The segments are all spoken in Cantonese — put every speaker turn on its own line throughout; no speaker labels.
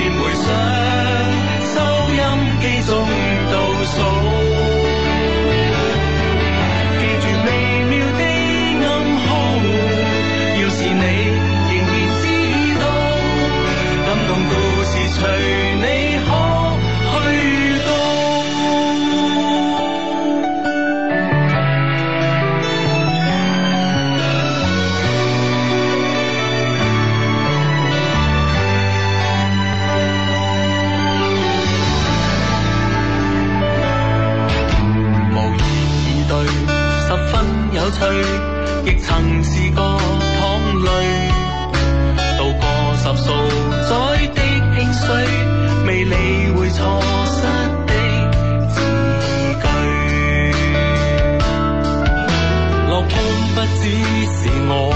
便回想收音機中倒數，記住微妙的暗號。要是你
仍然知道，感動故事隨。
曾試過淌淚，渡過十數載的興衰，未理會錯失的字句。落空不只是我，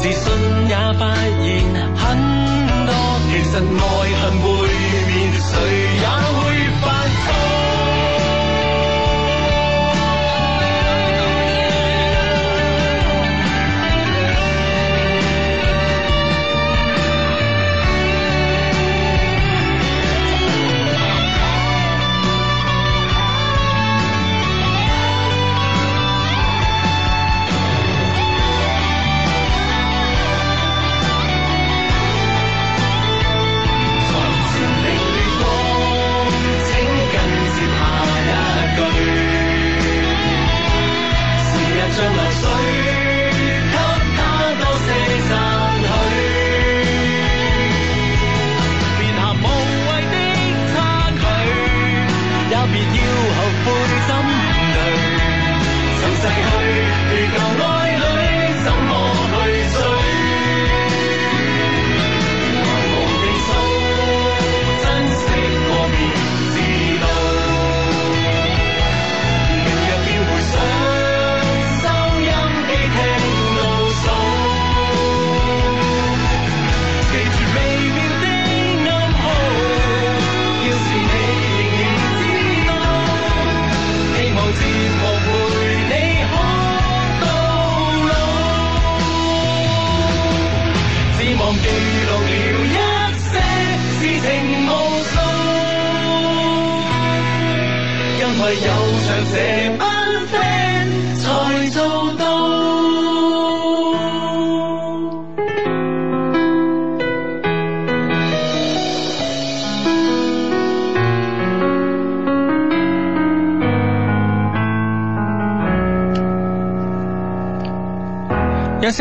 自信也發現很多，其實愛恨背面，誰？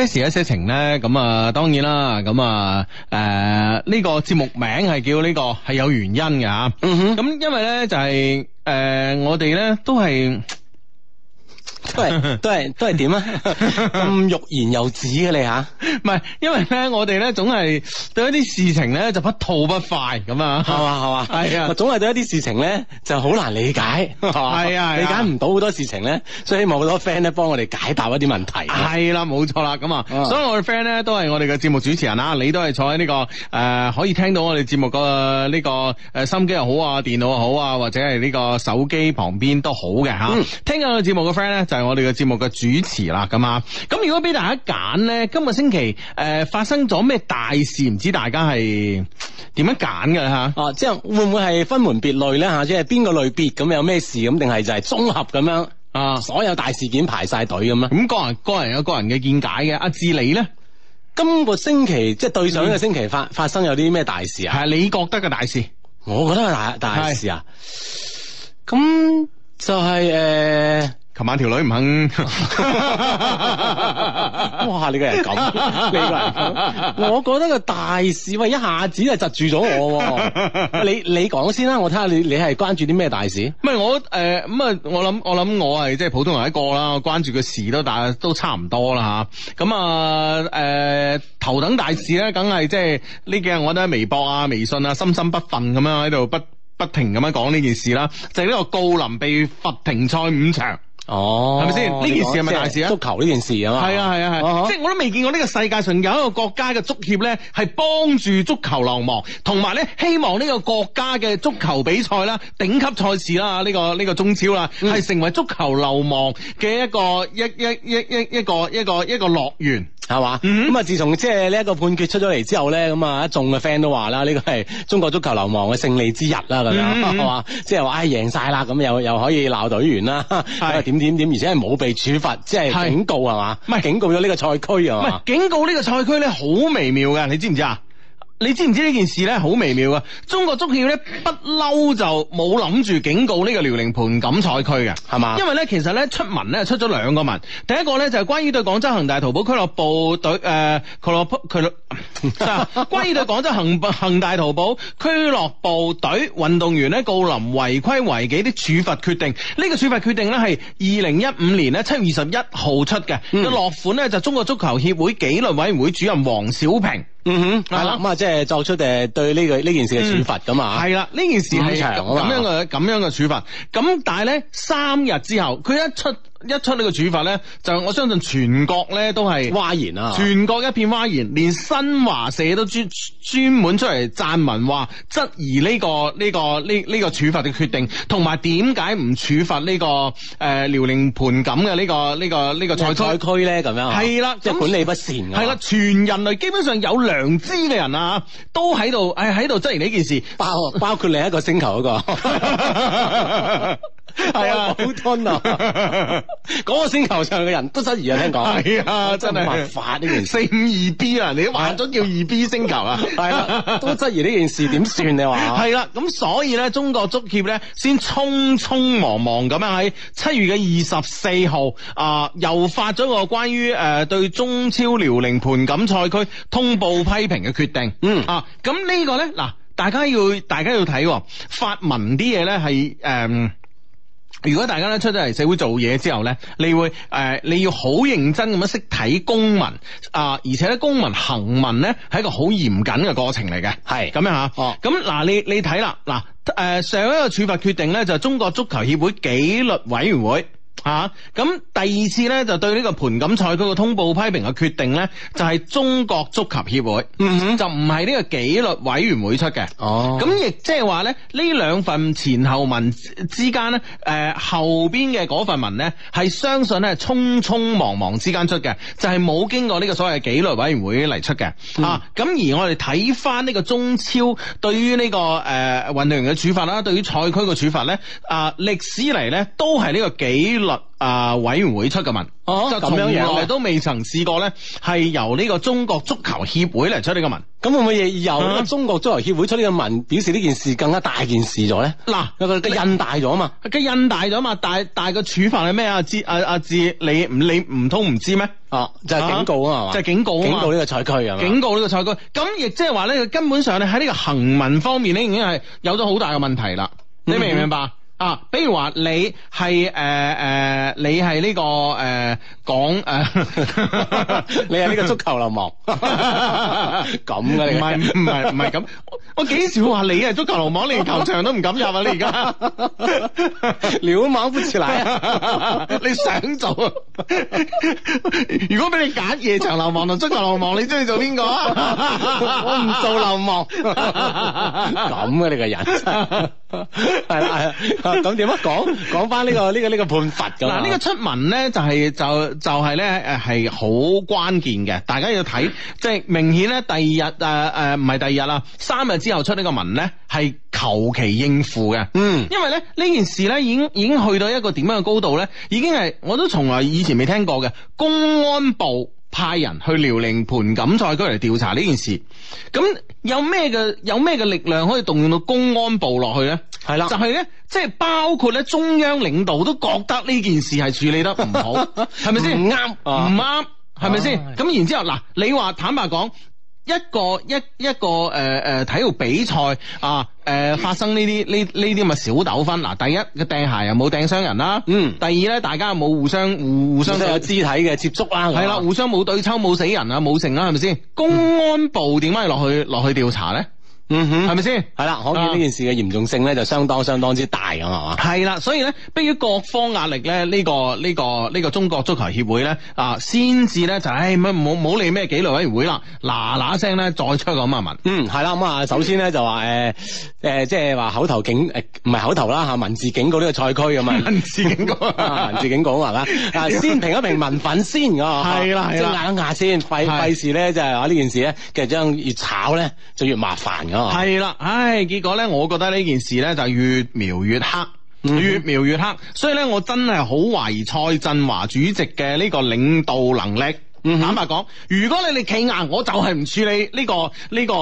一些事一些情咧，咁啊，當然啦，咁啊，誒、呃，呢、這個節目名係叫呢、這個，係有原因嘅吓。咁、嗯、哼因為咧就係、是，誒、呃，我哋咧都係 都係都係都係點啊？咁 欲言又止嘅你吓、啊。唔係，因為咧，我哋咧總係對一啲事情咧就不吐不快咁 啊，係嘛係嘛？係啊，啊總係對一啲事情咧就好難理解，係 啊，理解唔到好多事情咧，所以希望好多 friend 咧幫我哋解答一啲問題，係啦、啊，冇錯啦，咁啊， 所以我哋 friend 咧都係我哋嘅節目主持人啊，你都係坐喺呢、這個誒、呃、可以聽到我哋節目個呢個誒心機又好啊，電腦又好啊，或者係呢個手機旁邊都好嘅嚇，嗯、聽緊我哋節目嘅 friend 咧就係我哋嘅節目嘅主持啦，咁啊，咁如果俾大家揀咧，今日星期。誒、呃，發生咗咩大事唔知？大家係點樣揀嘅吓？哦、啊啊，即係會唔會係分門別類咧吓、啊？即係邊個類別咁有咩事咁？定係就係綜合咁樣啊？所有大事件排晒隊咁樣？咁個、啊、人個人有個人嘅見解嘅。阿、啊、志你咧，今個星期即係對上一個星期發發生有啲咩大，大，大，大，大事啊？係你覺得嘅大事？我覺得係大大事啊！咁就係誒。琴晚條女唔肯， 哇！你個人咁，你個人， 我覺得個大事喂一下子就窒住咗我。 你你講先啦，我睇下你你係關注啲咩大事？唔係我誒咁啊！我諗、呃、我諗我係即係普通人一個啦，我關注嘅事都大都差唔多啦吓。咁啊誒、呃、頭等大事咧，梗係即係呢幾日我都喺微博啊、微信啊，心心不忿咁樣喺度不不，不停咁樣講呢件事啦，就係、是、呢個郜林被罰停賽五場。哦，係咪先？呢件事係咪大事啊？足球呢件事啊嘛，係啊係啊係，即係我都未見過呢個世界上有一個國家嘅足協呢係幫住足球流氓，同埋呢希望呢個國家嘅足球比賽啦，頂級賽事啦，呢個呢個中超啦，係成為足球流氓嘅一個一一一一一個一,一個一,一個樂園。係嘛？咁啊、mm，hmm. 自從即係呢一個判決出咗嚟之後咧，咁啊一眾嘅 friend 都話啦，呢個係中國足球流氓嘅勝利之日啦，咁樣係嘛？即係話唉，贏晒啦，咁又又可以鬧隊員啦，點點點，而且係冇被處罰，即係警告係嘛？係是警告咗呢個賽區啊？係是吧警告呢個賽區咧，好微妙嘅，你知唔知啊？你知唔知呢件事呢？好微妙啊。中國足協呢，不嬲就冇諗住警告呢個遼寧盤錦賽區嘅，係嘛吧？因為呢，其實呢，出文呢，出咗兩個文，第一個呢，就係、是、關於對廣州恒大淘寶俱樂部隊誒、呃、俱樂部佢，俱部 關於對廣州恒恒大淘寶俱樂部隊運動員咧郜林違規違紀的處罰決定。呢、這個處罰決定呢，係二零一五年咧七月二十一號出嘅，嘅落、嗯、款呢，就是、中國足球協會紀律委員會主任王小平。嗯哼，係啦，咁啊，即係作出誒對呢個呢件事嘅處罰咁啊，係啦，呢件事係咁樣嘅咁樣嘅處罰，咁但係咧三日之後，佢一出。一出呢個處罰咧，就我相信全國咧都係嘩然啊！全國一片嘩然，連新華社都專專門出嚟撰文話質疑呢、這個呢、這個呢呢、這個這個處罰嘅決定，同埋點解唔處罰呢、這個誒遼寧盤錦嘅呢個呢、這個呢、這個賽賽區咧？咁、嗯、樣係啦，即係管理不善、啊。係啦，全人類基本上有良知嘅人啊，都喺度誒喺度質疑呢件事，包包括另一個星球嗰、那個係啊，好吞啊！對 hour 嗰 個星球上嘅人都質疑啊，聽講係啊，真係冇辦法呢件事四五二 B 啊，你都話咗叫二 B 星球啊，係、 啊、都質疑呢件事點算你話？係啦、 啊，咁所以咧，中國足協咧先匆匆忙忙咁樣喺七月嘅二十四號啊，又、呃、發咗個關於誒對中超遼寧盤錦賽區通報批評嘅決定。嗯啊，咁呢個咧嗱，大家要大家要睇發文啲嘢咧係誒。呃如果大家咧出咗嚟社會做嘢之後咧，你會誒、呃、你要好認真咁樣識睇公文，啊、呃，而且咧公文行文咧係一個好嚴謹嘅過程嚟嘅，係咁是樣吓。哦，咁嗱你你睇啦，嗱、呃、誒上一個處罰決定呢，就係中國足球協會紀律委員會。吓，咁、啊、第二次咧，就對呢個盤錦賽區嘅通報批評嘅決定咧，就係、是、中國足球協會，嗯哼就唔係呢個紀律委員會出嘅。哦，咁亦即係話咧，呢兩份前後文之間咧，誒、呃、後邊嘅份文咧，係相信咧，匆匆忙忙之間出嘅，就係、是、冇經過呢個所謂嘅紀律委員會嚟出嘅。嗯、啊，咁而我哋睇翻呢個中超對於呢、這個誒運、呃、動員嘅處罰啦，對於賽區嘅處罰咧，啊、呃、歷史嚟咧都係呢個紀律。律啊、呃、委員會出嘅文，啊、就從來都未曾試過咧，係由呢個中國足球協會嚟出呢個文。咁會唔會亦由中國足球協會出呢個文，表示呢件事更加大件事咗咧？嗱、啊，個印、啊、大咗啊嘛，佢印你大咗啊嘛，大大個處罰係咩啊？治啊啊治、啊啊、你，你唔通唔知咩？哦、啊，就係、是、警告啊嘛，啊就係警告，警告呢個賽區係警告個、啊、呢個賽區，咁亦即係話咧，佢根本上咧喺呢個行文方面咧，已經係有咗好大嘅問題啦，嗯、你明唔明白？啊，比如話你係誒誒，你係呢、這個誒講誒，呃呃、 你係呢個足球流氓，咁 嘅、啊、你唔係唔係唔係咁，我幾時會話你係足球流氓，你連球場都唔敢入啊！你而家了，馬不辭難，你想做？ 如果俾你揀，夜場流氓同足球流氓，你中意做邊個、啊、 我唔做流氓，咁 嘅、啊、你個人。 係啦，係啦，咁點樣講？講翻呢個呢個呢個判罰噶啦。嗱，呢個出文咧就係就就係咧誒，係好關鍵嘅。大家要睇，即係明顯咧，第二日誒誒唔係第二日啦，三日之後出呢個文咧係求其應付嘅。嗯，因為咧呢件事咧已經已經去到一個點樣嘅高度咧，已經係我都從來以前未聽過嘅公安部。派人去遼寧盤錦賽區嚟調查呢件事，咁有咩嘅有咩嘅力量可以動用到公安部落去呢？係啦的，就係呢，即係包括呢中央領導都覺得呢件事係處理得唔好，係咪先？唔啱、嗯，唔啱對，係咪先？咁然之後嗱，你話坦白講。一個一一個誒誒、呃呃，體育比賽啊，誒、呃、發生呢啲呢呢啲咁嘅小糾紛。嗱，第一嘅掟鞋又冇掟傷人啦，嗯。第二咧，大家又冇互相互互相都有肢體嘅接觸啦，係啦、啊，互相冇對抽冇死人啊，冇剩啦，係咪先？公安部點解落去落、嗯、去調查咧？嗯哼，係咪先？係啦，可見呢件事嘅嚴重性咧，就相當相當之大咁，係嘛？係啦，所以咧，迫於各方壓力咧，呢個呢個呢個中國足球協會咧，啊，先至咧就唉乜冇冇理咩紀律委員會啦，嗱嗱聲咧再出個文文。嗯，係啦，咁啊，首先咧就話誒誒，即係話口頭警誒，唔係口頭啦吓，文字警告呢個賽區咁啊。文字警告，文字警告話啦，啊，先評一評文粉先，係啦，即係牙一牙先，費費事咧就係話呢件事咧，其實將越炒咧就越麻煩咁。係啦，唉，結果咧，我覺得呢件事咧就是，越描越黑，越描越黑，嗯、哼所以咧，我真係好懷疑蔡振華主席嘅呢個領導能力。嗯、坦白講，如果你哋企硬，我就係唔處理呢個呢個，誒、這個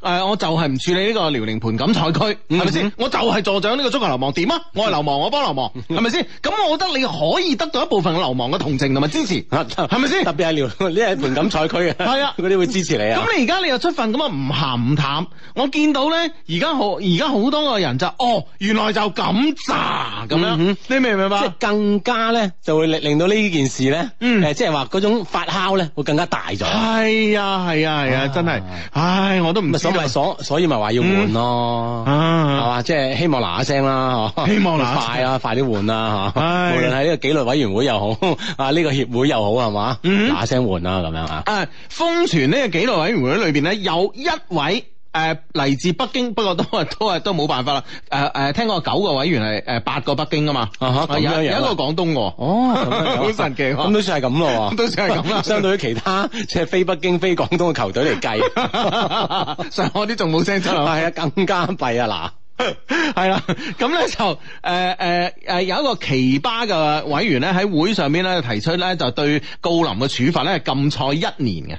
呃，我就係唔處理呢個遼寧盤錦賽區，係咪先？我就係助長呢個足球流氓，點啊？我係流氓，我幫流氓，係咪先？咁我覺得你可以得到一部分流氓嘅同情同埋支持，係咪先？ 特別係遼呢個盤錦賽區嘅，係啊，嗰啲、 啊、 會支持你啊。咁、嗯、你而家你又出份咁啊唔咸唔淡，我見到咧，而家好而家好多個人就哦，原來就咁咋咁樣，樣、嗯，你明唔明白？即係更加咧，就會令令到呢件事咧，誒、嗯，即係話嗰種。發酵咧會更加大咗。係啊，係啊，係啊，啊啊真係是，啊、唉我都唔。所以所所以咪話要換咯，係嘛、嗯，即係希望嗱一聲啦，嗬、就是，希望，啊 希望快啊，快啲換啊，吓、 哎呀，無論係呢個紀律委員會又好， 啊呢、這個協會又好，係嘛，嗱一聲換啦咁樣啊。誒，封存呢個紀律委員會裏邊咧有一位。誒，嚟、啊、自北京，不過都係都係都冇辦法啦。誒、啊、誒、啊，聽講九個委員係誒八個北京噶嘛、啊有，有一個廣東嘅。哦，好神奇。咁、 啊啊、都算係咁咯，都算係咁啦。相對於其他即係非北京、非廣東嘅球隊嚟計， 上海啲仲冇聲出。係啊，更加弊啊！嗱、啊，係 啦。咁、嗯、咧就誒誒誒，有一個奇葩嘅委員咧喺會上面咧提出咧，就是、對郜林嘅處罰咧係禁賽一年嘅。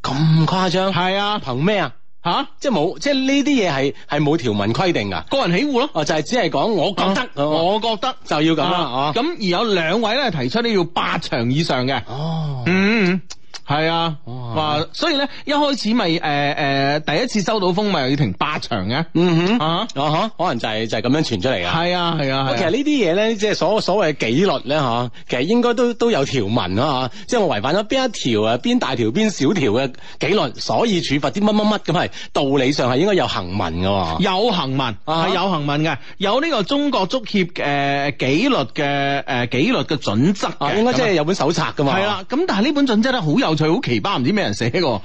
咁誇張？係、嗯、啊，憑咩啊？嗯吓、啊，即係冇，即係呢啲嘢係係冇條文規定噶，個人喜好咯，哦就係只係講我覺得，啊、我覺得就要咁啦，哦、啊，咁而有兩位咧提出都要八場以上嘅，哦，嗯。係啊，哇、哦！啊、所以咧，一開始咪誒誒，第一次收到風咪要停八場嘅，嗯哼，啊，啊可能就係、是、就係、是、咁樣傳出嚟嘅、啊。係啊係啊，啊，其實呢啲嘢咧，即、就、係、是、所所謂紀律咧吓、啊，其實應該都都有條文啊，即係我違反咗邊一條啊，邊大條邊小條嘅紀律，所以處罰啲乜乜乜咁係，道理上係應該有行文嘅。有行文係、啊、有行文嘅，有呢個中國足協嘅紀律嘅誒紀律嘅準則嘅、啊，應該即係有本手冊噶嘛。係啦、啊，咁、啊啊啊、但係呢本準則咧好有。佢好奇葩，唔知咩人寫個，唔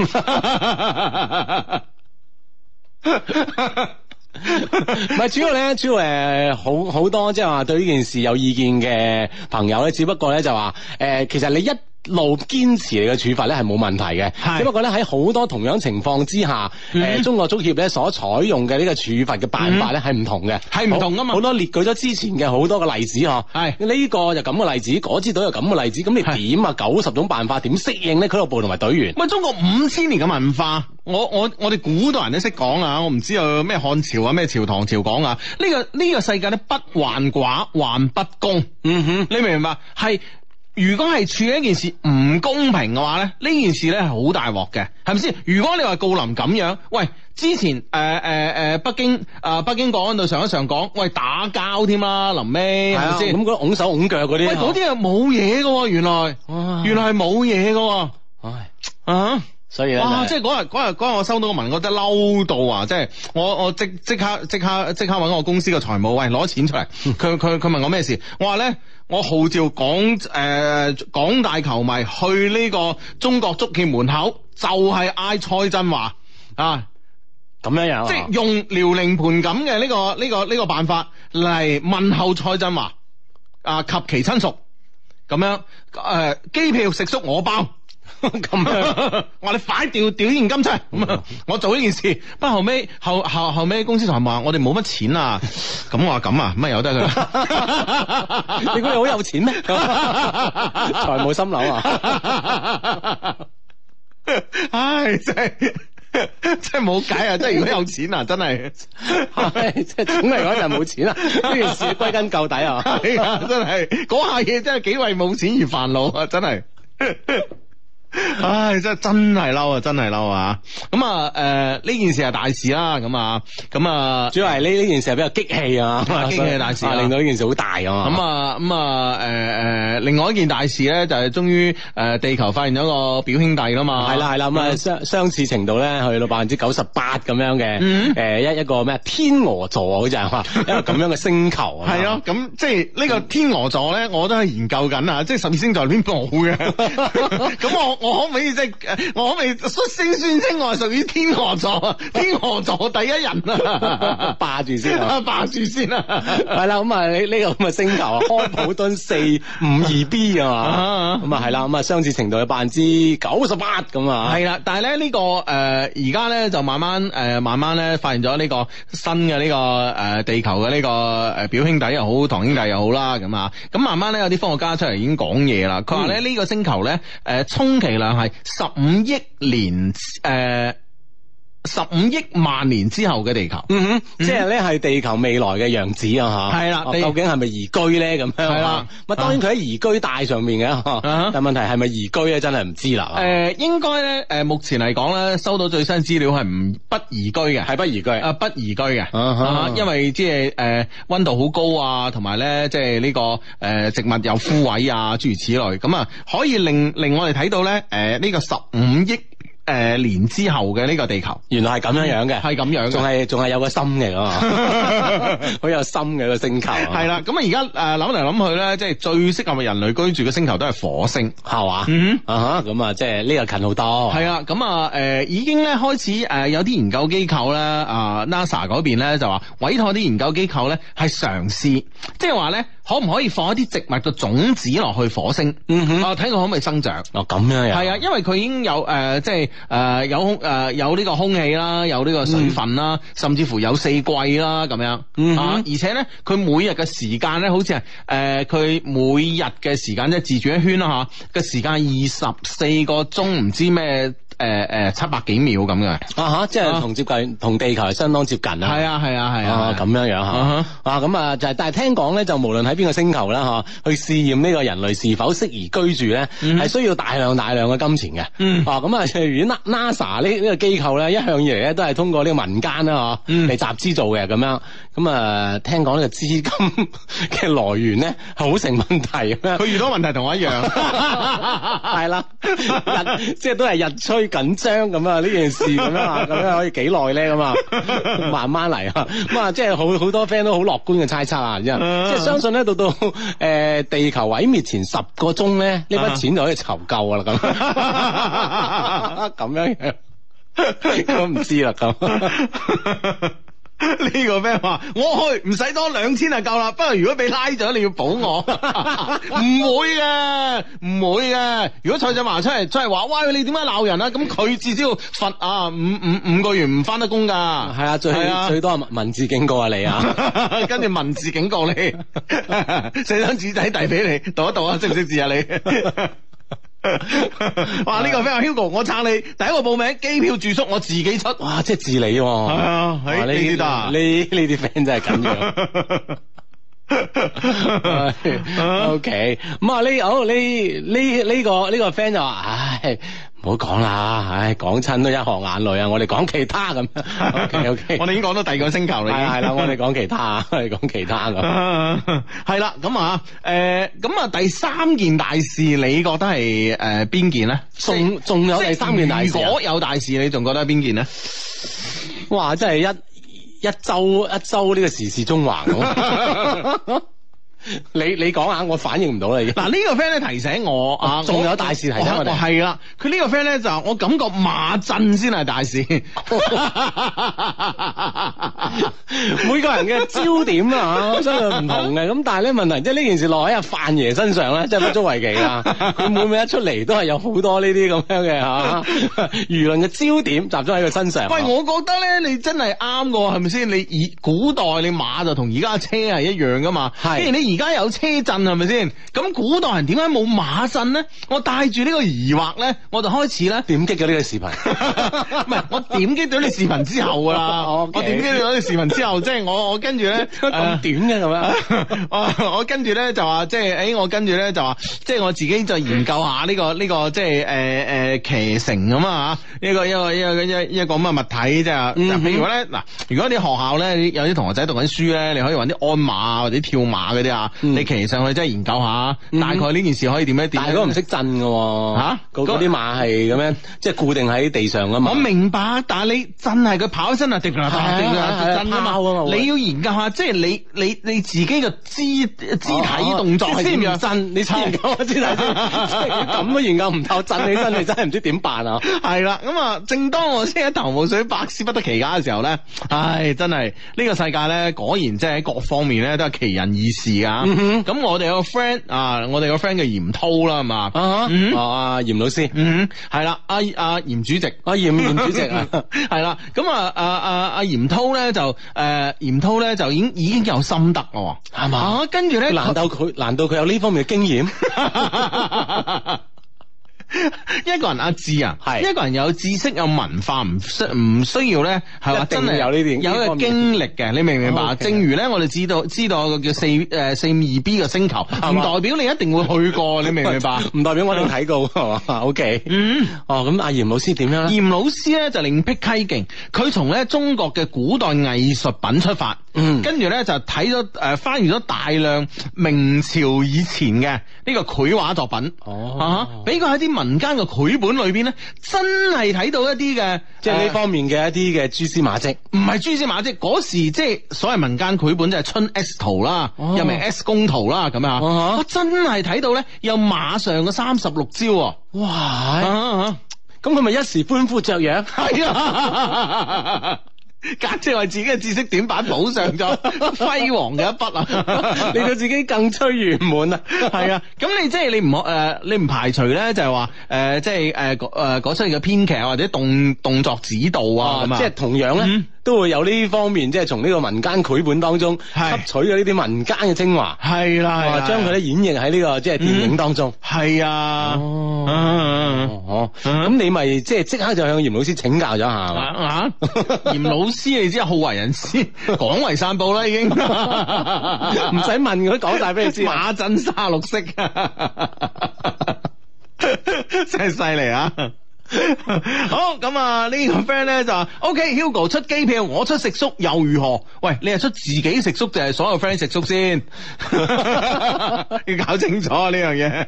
係主要咧，主要誒好好多即係話對呢件事有意見嘅朋友咧，只不過咧就話誒，其實你一。路堅持你嘅處罰咧係冇問題嘅，是只不過咧喺好多同樣情況之下，誒、嗯、中國足協咧所採用嘅呢個處罰嘅辦法咧係唔同嘅，係唔、嗯、同噶嘛。好多列舉咗之前嘅好多個例子呵，係呢個就咁嘅例子，嗰支隊又咁嘅例子，咁你點啊？九十是種辦法點適應呢？俱樂部同埋隊員，喂，中國五千年嘅文化，我我我哋古代人都識講啊！我唔知有咩漢朝啊、咩朝唐朝講啊。呢、呢個呢、呢個世界咧不患寡，患不公。嗯哼，你明唔明白？係。如果係處理一件事唔公平嘅話咧，呢件事咧係好大鑊嘅，係咪先？如果你話郜林咁樣，喂，之前誒誒誒，北京啊、呃，北京國安度上一上講，喂，打交添啦，臨尾係咪先？咁嗰個拱手拱腳嗰啲，喂，嗰啲係冇嘢噶，原來，唉原來係冇嘢噶，唉，啊。所以咧、就是，即係嗰日日日，我收到個文，我覺得嬲到啊！即係我我即即刻即刻即刻揾我公司嘅財務，喂，攞錢出嚟。佢佢佢問我咩事？我話咧，我號召廣誒廣大球迷去呢個中國足協門口，就係、是、嗌蔡振華啊！咁樣、啊、樣、這個，即係用遼寧盤咁嘅呢個呢個呢個辦法嚟問候蔡振華啊及其親屬。咁樣誒，機、呃、票食宿我包。咁， 我哋快掉掉現金出，咁啊，我做呢件事，不過後尾後後後尾公司同係話我哋冇乜錢， 錢 啊，咁話咁啊，咪由得佢，你估你好有錢咩？財務心諗啊，唉，真係真係冇計啊，真係如果有錢啊，真係，真 係 總嚟講就冇錢啊，呢件事歸根究底啊， 呀真係，嗰下嘢，真係幾為冇錢而煩惱啊，真係。 唉，真真係嬲啊，真係嬲啊！咁啊，誒，呢件事係大事啦，咁啊，咁啊，主要係呢呢件事係比較激氣啊，激氣大事令到呢件事好大啊，咁啊，咁啊，誒誒，另外一件大事咧，就係終於誒地球發現咗個表兄弟啦嘛，係啦係啦，咁啊相相似程度咧去到百分之九十八咁樣嘅，誒一一個咩天鵝座好似係，一個咁樣嘅星球，啊。係咯，咁即係呢個天鵝座咧，我都係研究緊啊，即係十二星座亂冇嘅，咁我。我未即，我未率先宣稱，我係屬於天鵝座，啊，天鵝座第一人啊， 霸住先 霸住
先
啦。係 啦， 咁、這個、 啊，啊，啊，呢呢個咁嘅星球，啊、嗯，康普敦四五二 B 啊嘛，咁啊係啦，咁啊相似程度有百分之九十八咁啊。係啦，但係咧呢、這個誒而家咧就慢慢誒、呃、慢慢咧發現咗呢個新嘅呢、這個誒、呃、地球嘅呢個誒表兄弟又好，堂兄弟又好啦。咁啊，咁慢慢咧有啲科學家出嚟已經講嘢啦。佢話咧呢個星球咧誒，充其、mm. 嗯係啦，係十五億年誒。呃十五億萬年之後嘅地球，嗯哼，即係咧係地球未來嘅樣子啊吓，係啦，究竟係咪宜居咧咁樣？係啦，咁當然佢喺宜居帶上面嘅，但問題係咪宜居咧，真係唔知啦。誒，應該咧，誒，目前嚟講咧，收到最新資料係唔不宜居嘅，係不宜居，啊，不宜居嘅，啊哈，因為即係誒温度好高啊，同埋咧即係呢個誒植物有枯萎啊，諸如此類，咁啊可以令令我哋睇到咧，誒呢個十五億。.誒、呃，年之後嘅呢個地球，原來係咁樣樣嘅，係咁樣，仲係仲係有個心嘅，好 有心嘅，這個星球係啦。咁啊， 而家誒諗嚟諗去咧，即係最適合人類居住嘅星球都係火星，係嘛，啊？嗯啊哈，咁啊，即係呢個近好多係啊。咁啊，誒，已經咧開始誒有啲研究機構咧，啊、呃、NASA 嗰邊咧就話委託啲研究機構咧係嘗試，即係話咧。可唔可以放一啲植物嘅種子落去火星？哦、嗯哼，睇佢、啊、可唔可以生長？哦，咁樣啊！係啊，因為佢已經有誒、呃，即係誒、呃、有空誒、呃、有呢個空氣啦，有呢個水分啦，嗯、甚至乎有四季啦咁樣、嗯、哼啊！而且咧，佢每日嘅時間咧，好似係誒佢每日嘅時間即係、呃、自轉一圈啦吓，啊、時間個時間二十四個鐘唔知咩？誒誒，七百幾秒咁嘅，啊吓，即係同接近同地球相當接近啊，係啊係啊係啊，咁樣樣吓，啊咁啊就係，但係聽講咧就無論喺邊個星球啦嗬，去試驗呢個人類是否適宜居住咧，係需要大量大量嘅金錢嘅，啊咁啊，如 NASA 呢呢個機構咧一向以嚟咧都係通過呢個民間啦嗬嚟集資做嘅，咁樣，咁啊聽講呢個資金嘅來源咧係好成問題，佢遇到問題同我一樣，
係啦，
即係都係日催。緊張咁啊！呢件事咁啊，咁樣可以幾耐咧咁啊？慢慢嚟啊！咁啊，即係好好多 friend 都好樂觀嘅猜測啊，即係相信咧到到誒地球毀滅前十個鐘咧，呢筆錢就可以籌夠啊啦咁，咁樣樣，我唔知啦咁。呢個咩話？我去唔使多兩千就夠啦。不過如，如果俾拉咗，你要保我，唔 會嘅，唔會嘅。如果蔡振華出嚟，出嚟話，哇，你點解鬧人啊？咁佢至少罰啊五五五個月唔翻得工噶。係啊，最啊最多
係文字警告
啊你啊，跟住 文字警告你，寫張紙仔遞俾你，讀一讀啊，識唔識字啊你？ 哇！呢、這個 friend Hugo，我撐你。第一個報名機票住宿我自己出，哇！即係自理喎。係啊，呢啲啊，呢呢啲 friend 真係咁樣。O K，咁啊呢好呢呢呢個呢個 friend 就話，唉，唔好講啦，唉，講親都一殼眼淚啊，我哋講其他咁，O K O K，我哋已經講到第二個星球啦，係啦，我哋講其他我哋講其他咁，係啦，咁啊，誒，咁啊第三件大事，你覺得係誒邊件咧？仲仲有第三件大事，所有大事，你仲覺得邊件咧？哇，真係一。一周，一周呢個時事中環咁。你你講下，我反應唔到啦。嗱，呢、這個 friend 咧提醒我、哦、啊，仲有大事提醒我哋。係啦，佢呢個 friend 咧就是、我感覺馬震先係大事。 每個人嘅焦點啊，真係唔同嘅。咁、啊、但係咧問題，即係呢件事落喺阿范爺身上咧，真、啊、係不足為奇啦。佢每 每一出嚟，都係有好多呢啲咁樣嘅吓，輿論嘅焦點集中喺佢身上。喂，我覺得咧，你真係啱噶，係咪先？你以古代你馬就同而家車係一樣噶嘛？係的。你而家有車震係咪先？咁、嗯、古代人點解冇馬震咧？我帶住呢個疑惑咧，我就開始咧點擊咗呢個視頻。唔 係，我點擊咗呢個視頻之後㗎啦。 我點擊咗呢個視頻之後，即、就、係、是、我我跟住咧咁短嘅咁樣。我跟住咧就話，即係誒我跟住咧就話，即係我自己就研究下呢、這個呢、這個即係誒誒騎乘咁啊嚇。一個一個一個一個咁嘅物體，即係譬如講咧嗱，如果你學校咧有啲同學仔讀緊書咧，你可以揾啲鞍馬或者跳馬嗰啲啊。你騎上去真係研究下，大概呢件事可以點樣？但如果唔識震嘅喎，嗰啲馬係咁樣，即係固定喺地上嘅嘛。我明白，但係你震係佢跑起身啊，滴啊，打滴啊，震啊嘛。你要研究下，即係你你你自己嘅肢肢體動作先點樣震？你查研究下肢體先。咁都研究唔透，震起身你真係唔知點辦啊！係啦，咁啊，正當我先喺頭霧水，百思不得其解嘅時候咧，唉，真係呢個世界咧，果然即係喺各方面咧都係奇人異事啊！咁、嗯、我哋有個 friend 啊，我哋個 friend 叫嚴濤啦，係嘛，啊嚴哈、嗯啊、老師，係啦、嗯，阿阿嚴主席，阿嚴主席，係、啊、啦，咁啊啊呢啊啊嚴濤咧就誒嚴濤咧就已經已經有心得咯，係嘛吧，啊跟住咧，難道佢難道佢有呢方面嘅經驗？ 一個人阿智啊，係是一個人有知識有文化唔需唔需要咧，係話真係有呢啲有個經歷嘅，你明唔明白？哦 okay。正如咧，我哋知道知道個叫四誒四五二 B 嘅星球，唔嗎代表你一定會去過， 你明唔明白？唔 代表我哋睇過係嘛？O K，嗯，哦，咁阿嚴老師點樣咧？嚴老師咧就另闢蹊徑，佢從咧中國嘅古代藝術品出發，嗯，跟住咧就睇咗誒翻閱咗大量明朝以前嘅呢個繪畫作品，哦、嗯，俾佢喺啲文。民間嘅繪本裏邊咧，真係睇到一啲嘅，呃、即係呢方面嘅一啲嘅蛛絲馬迹，唔係蛛絲馬迹。嗰時即係所謂民間繪本就係春 S 圖啦，啊，又咪 S 公圖啦，咁啊哈，我真係睇到咧有馬上嘅三十六招，哇！咁佢咪一時歡呼雀躍？係啊 簡直為自己嘅知識短板補上咗輝煌嘅一筆啊， 令到自己更趨圓滿 啊！係啊，咁你即係你唔可誒？你唔排除咧，就係話誒，即係誒誒嗰出嘅編劇或者動動作指導啊，咁、哦、即係同樣咧。嗯都會有呢方面，即係從呢個民間繪本當中吸取咗呢啲民間嘅精華，係啦，話將佢咧演繹喺呢個即係電影當中，係啊，哦，咁你咪即係即刻就向嚴老師請教咗下啦，嚴老師你真係好為人師，講為散步啦，已經，唔使問佢，講晒俾你知，馬真沙綠色，真係犀利啊！
好
咁啊！呢、這個 friend 咧就 OK，Hugo、okay，出機票，我出食宿又如何？喂，你係出自己食宿定係所有 friend 食宿先？ 要搞清楚啊，呢樣嘢。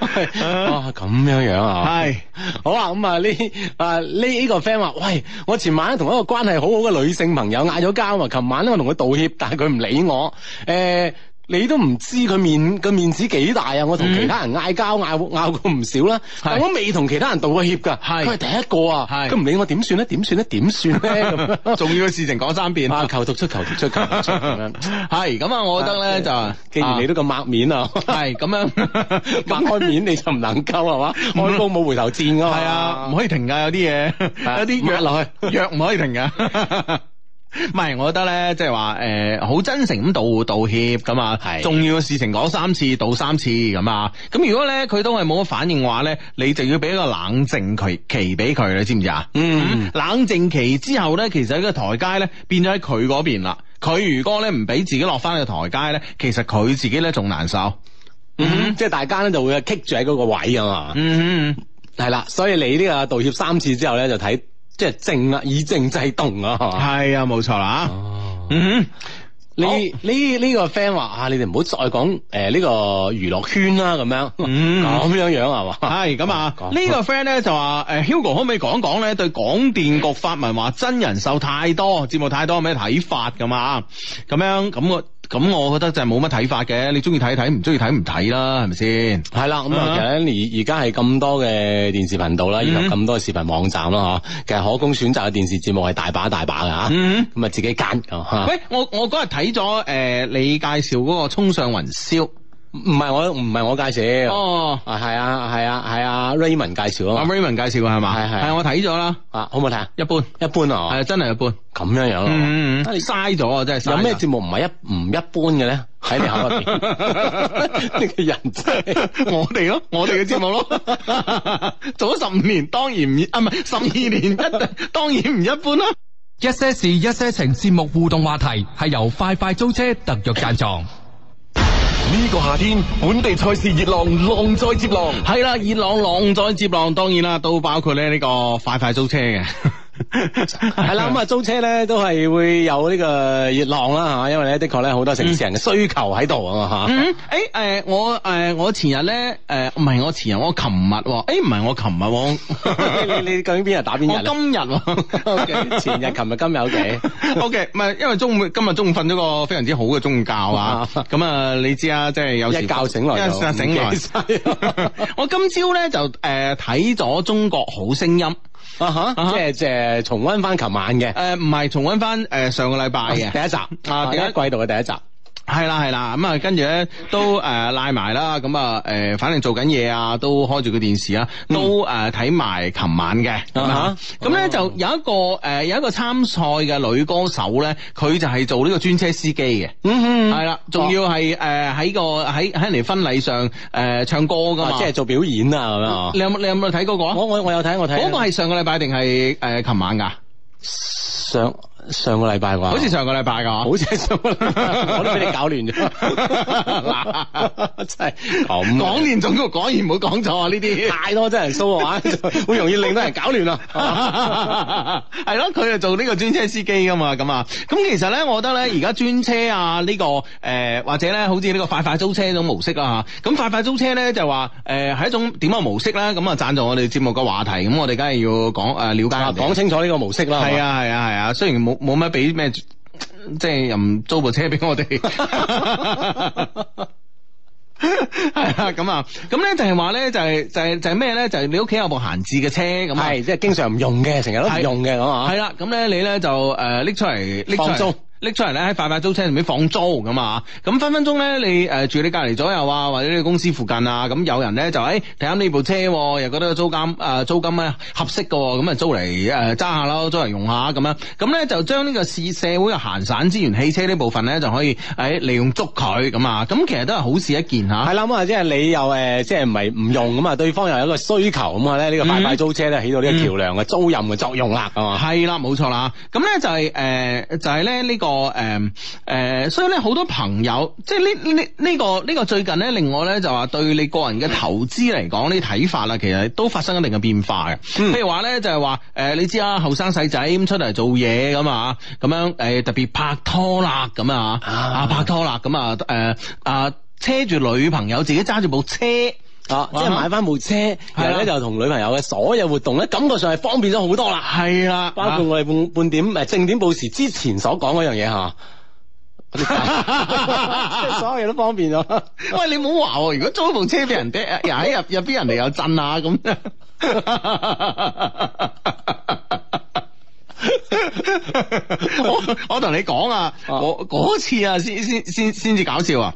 哇、 啊，咁樣樣啊？係是好、嗯、啊！咁啊呢啊呢個 friend 話，喂，我前晚同一個關係好好嘅女性朋友嗌咗交啊！琴晚咧我同佢道歉，但係佢唔理我。誒、呃。你都唔知佢面嘅面子幾大啊！我同其他人嗌交、嗌拗過唔少啦，但我未同其他人道過歉㗎。佢係第一個啊！佢唔理我點算咧？點算咧？點算咧？重要嘅事情講三遍，求出求出求出求出咁樣。係咁啊！我覺得咧就，既然你都咁擘面啊，係咁樣擘開面你就唔能夠係嘛？開弓冇回頭箭㗎嘛？係啊，唔可以停㗎！有啲嘢有啲約落去約唔可以停㗎。唔係，我覺得咧，即係話誒，好、呃、真誠咁道道歉咁啊。係的重要嘅事情講三次，道三次咁啊。咁如果咧佢都係冇乜反應話咧，你就要俾個冷靜期期俾佢，你知唔知啊？嗯，冷靜期之後咧，其實喺個台階咧變咗喺佢嗰邊啦。佢如果咧唔俾自己落翻去個台階咧，其實佢自己咧仲難受。嗯哼，即係大家咧就會棘住喺嗰個位啊嘛。嗯哼，係啦，所以你呢個道歉三次之後咧，就睇。即係靜啊，以靜制動啊！係啊，冇錯啦。啊、嗯，你呢呢、呢個 friend 話啊，你哋唔好再講誒呢個娛樂圈啦，咁樣咁樣樣係嘛？係咁啊，呢個 friend 咧就話誒、啊、Hugo 可唔可以講一講咧？對廣電局發文話真人秀太多，節目太多，有咩睇法咁啊？咁樣咁我。咁我覺得就係冇乜睇法嘅，你中意睇睇，唔中意睇唔睇啦，係咪先？係啦，咁啊、uh huh. 其實而而家係咁多嘅電視頻道啦，以及咁多嘅視頻網站啦，嗬、uh huh. 其實可供選擇嘅電視節目係大把大把㗎嚇，咁啊、uh huh. 自己揀嚇。Uh huh. 啊、喂，我我嗰日睇咗誒你介紹嗰個《衝上雲霄》。唔係我唔係我介紹哦，係、oh, 啊係啊係啊，啊 Raymond 介紹啊嘛，Raymond 介紹啊係嘛，係係，我睇咗啦，啊好唔好睇啊？好好一般一般啊，係、啊、真係一般咁樣樣、啊、咯，嗯嗯嗯，嘥咗啊真係，有咩節目唔係一唔一般嘅咧？喺 你口入邊， 你嘅的人真係， 我哋咯，我哋嘅節目咯， 做咗十五年，當然唔啊唔係十二年，一定當然唔一般啦。一些事一些情，節目互動話題係由快快租車特約贊助。 呢個夏天，本地賽事熱浪浪再接浪，係啦，熱浪浪再接浪，當然啦，都包括咧呢個快快租車嘅。 係啦，咁啊， 租車咧都係會有呢個熱浪啦吓，因為咧的確咧好多城市人嘅需求喺度啊嘛吓。誒，誒，我誒、呃，我前日咧，誒、呃，唔係我前日，我琴日喎，誒、欸，唔係我琴日、啊、 你你，你究竟邊日打邊日，今、啊、 okay, 日今日，前、okay、日、琴日、今日有幾？OK，唔係，因為中午今日中午瞓咗個非常之好嘅中午覺啊，咁啊、 嗯，你知啊，即係有時一覺醒來，醒來，我今朝咧就誒睇咗《呃、中國好聲音》。啊吓，uh huh, uh huh. 即係即係重溫翻琴晚嘅，誒唔係重溫翻誒上個禮拜嘅第一集 啊，第一季度嘅第一集。係啦係啦，咁啊跟住咧都誒賴埋啦，咁啊誒反正做緊嘢啊，都開住個電視啊，嗯、都誒睇埋琴晚嘅吓，咁咧就有一個誒、呃、有一個參賽嘅女歌手咧，佢就係做呢個專車司機嘅，嗯、uh，係、huh. 啦，仲要係誒喺個喺喺人哋婚禮上誒、呃、唱歌噶嘛，啊、即係做表演啊咁樣。你有冇你有冇睇嗰個？我我我有睇，我睇。嗰個係上個禮拜定係誒琴晚噶？上。上上個禮拜啩？好似上個禮拜㗎、啊，好似上個禮拜、啊， 我都俾你搞亂咗，嗱！ 真係咁講亂仲要講，完唔好講錯啊，呢啲，太多真人 show 嘅話，會容易令到人搞亂啊，係 咯， 佢係做呢個專車司機㗎嘛，咁啊，咁其實咧，我覺得咧，而家專車啊，呢、這個誒、呃、或者咧，好似呢個快快租車呢種模式啊。嚇，咁快快租車咧就話誒係一種點啊模式啦，咁啊贊助我哋節目個話題，咁我哋梗係要講誒瞭、啊、解是，講清楚呢個模式啦，係啊係啊係啊，雖然冇。的冇咩乜俾咩，即係又唔租部車俾我哋， 係啊咁啊，咁咧就係話咧就係、是、就係、是、就係咩咧就係、是、你屋企有部閒置嘅車咁啊，即係、就是、經常唔用嘅，成日都唔用嘅，咁啊的，係啦樣，咁咧你咧就誒拎、呃、出嚟，拎鬆出拎出嚟咧喺快快租車入面放租咁啊！咁分分鐘咧，你誒住你隔籬左右啊，或者你公司附近啊，咁、嗯、有人咧就喺睇下呢、哎、看看部車，又覺得租金啊、呃、租金咧合適嘅，咁啊租嚟誒揸下咯，租嚟、呃、用下咁樣。咁、嗯、咧、嗯、就將呢個市社會嘅閒散資源汽車部呢部分咧，就可以喺、哎、利用捉佢咁啊！咁其實都係好事一件嚇。係啦，咁啊即係你又誒，即係唔係唔用咁啊？對方又有一個需求咁啊！咧呢個快快租車咧起到呢個橋梁嘅租賃嘅作用啦，係、嗯、啦，冇、嗯嗯、錯啦。咁咧就係誒，就係咧呢個。個誒誒，所以咧好多朋友，即係呢呢呢個呢、這個這個最近咧，令我咧就話對你個人嘅投資嚟講，呢啲睇法啦， 其實都發生一定嘅變化嘅。譬如話咧就係話誒，你知、呃、 啊，後生細仔咁出嚟做嘢咁啊，咁樣誒，特別拍拖啦咁啊，啊拍拖啦咁啊，誒、呃、啊，車住女朋友自己揸住部車。啊！即係買翻部車，然後咧就同女朋友嘅所有活動咧，感覺上係方便咗好多啦。係啦了，包括我哋半半點誒的正點報時之前所講嗰樣嘢吓， 啊、哈哈即係所有嘢都方便咗。 喂，你唔好話喎，如果租一部車俾人哋，喺 入入邊人哋有震啊咁。 我我同你講啊，我嗰次啊，先先先先至搞笑啊！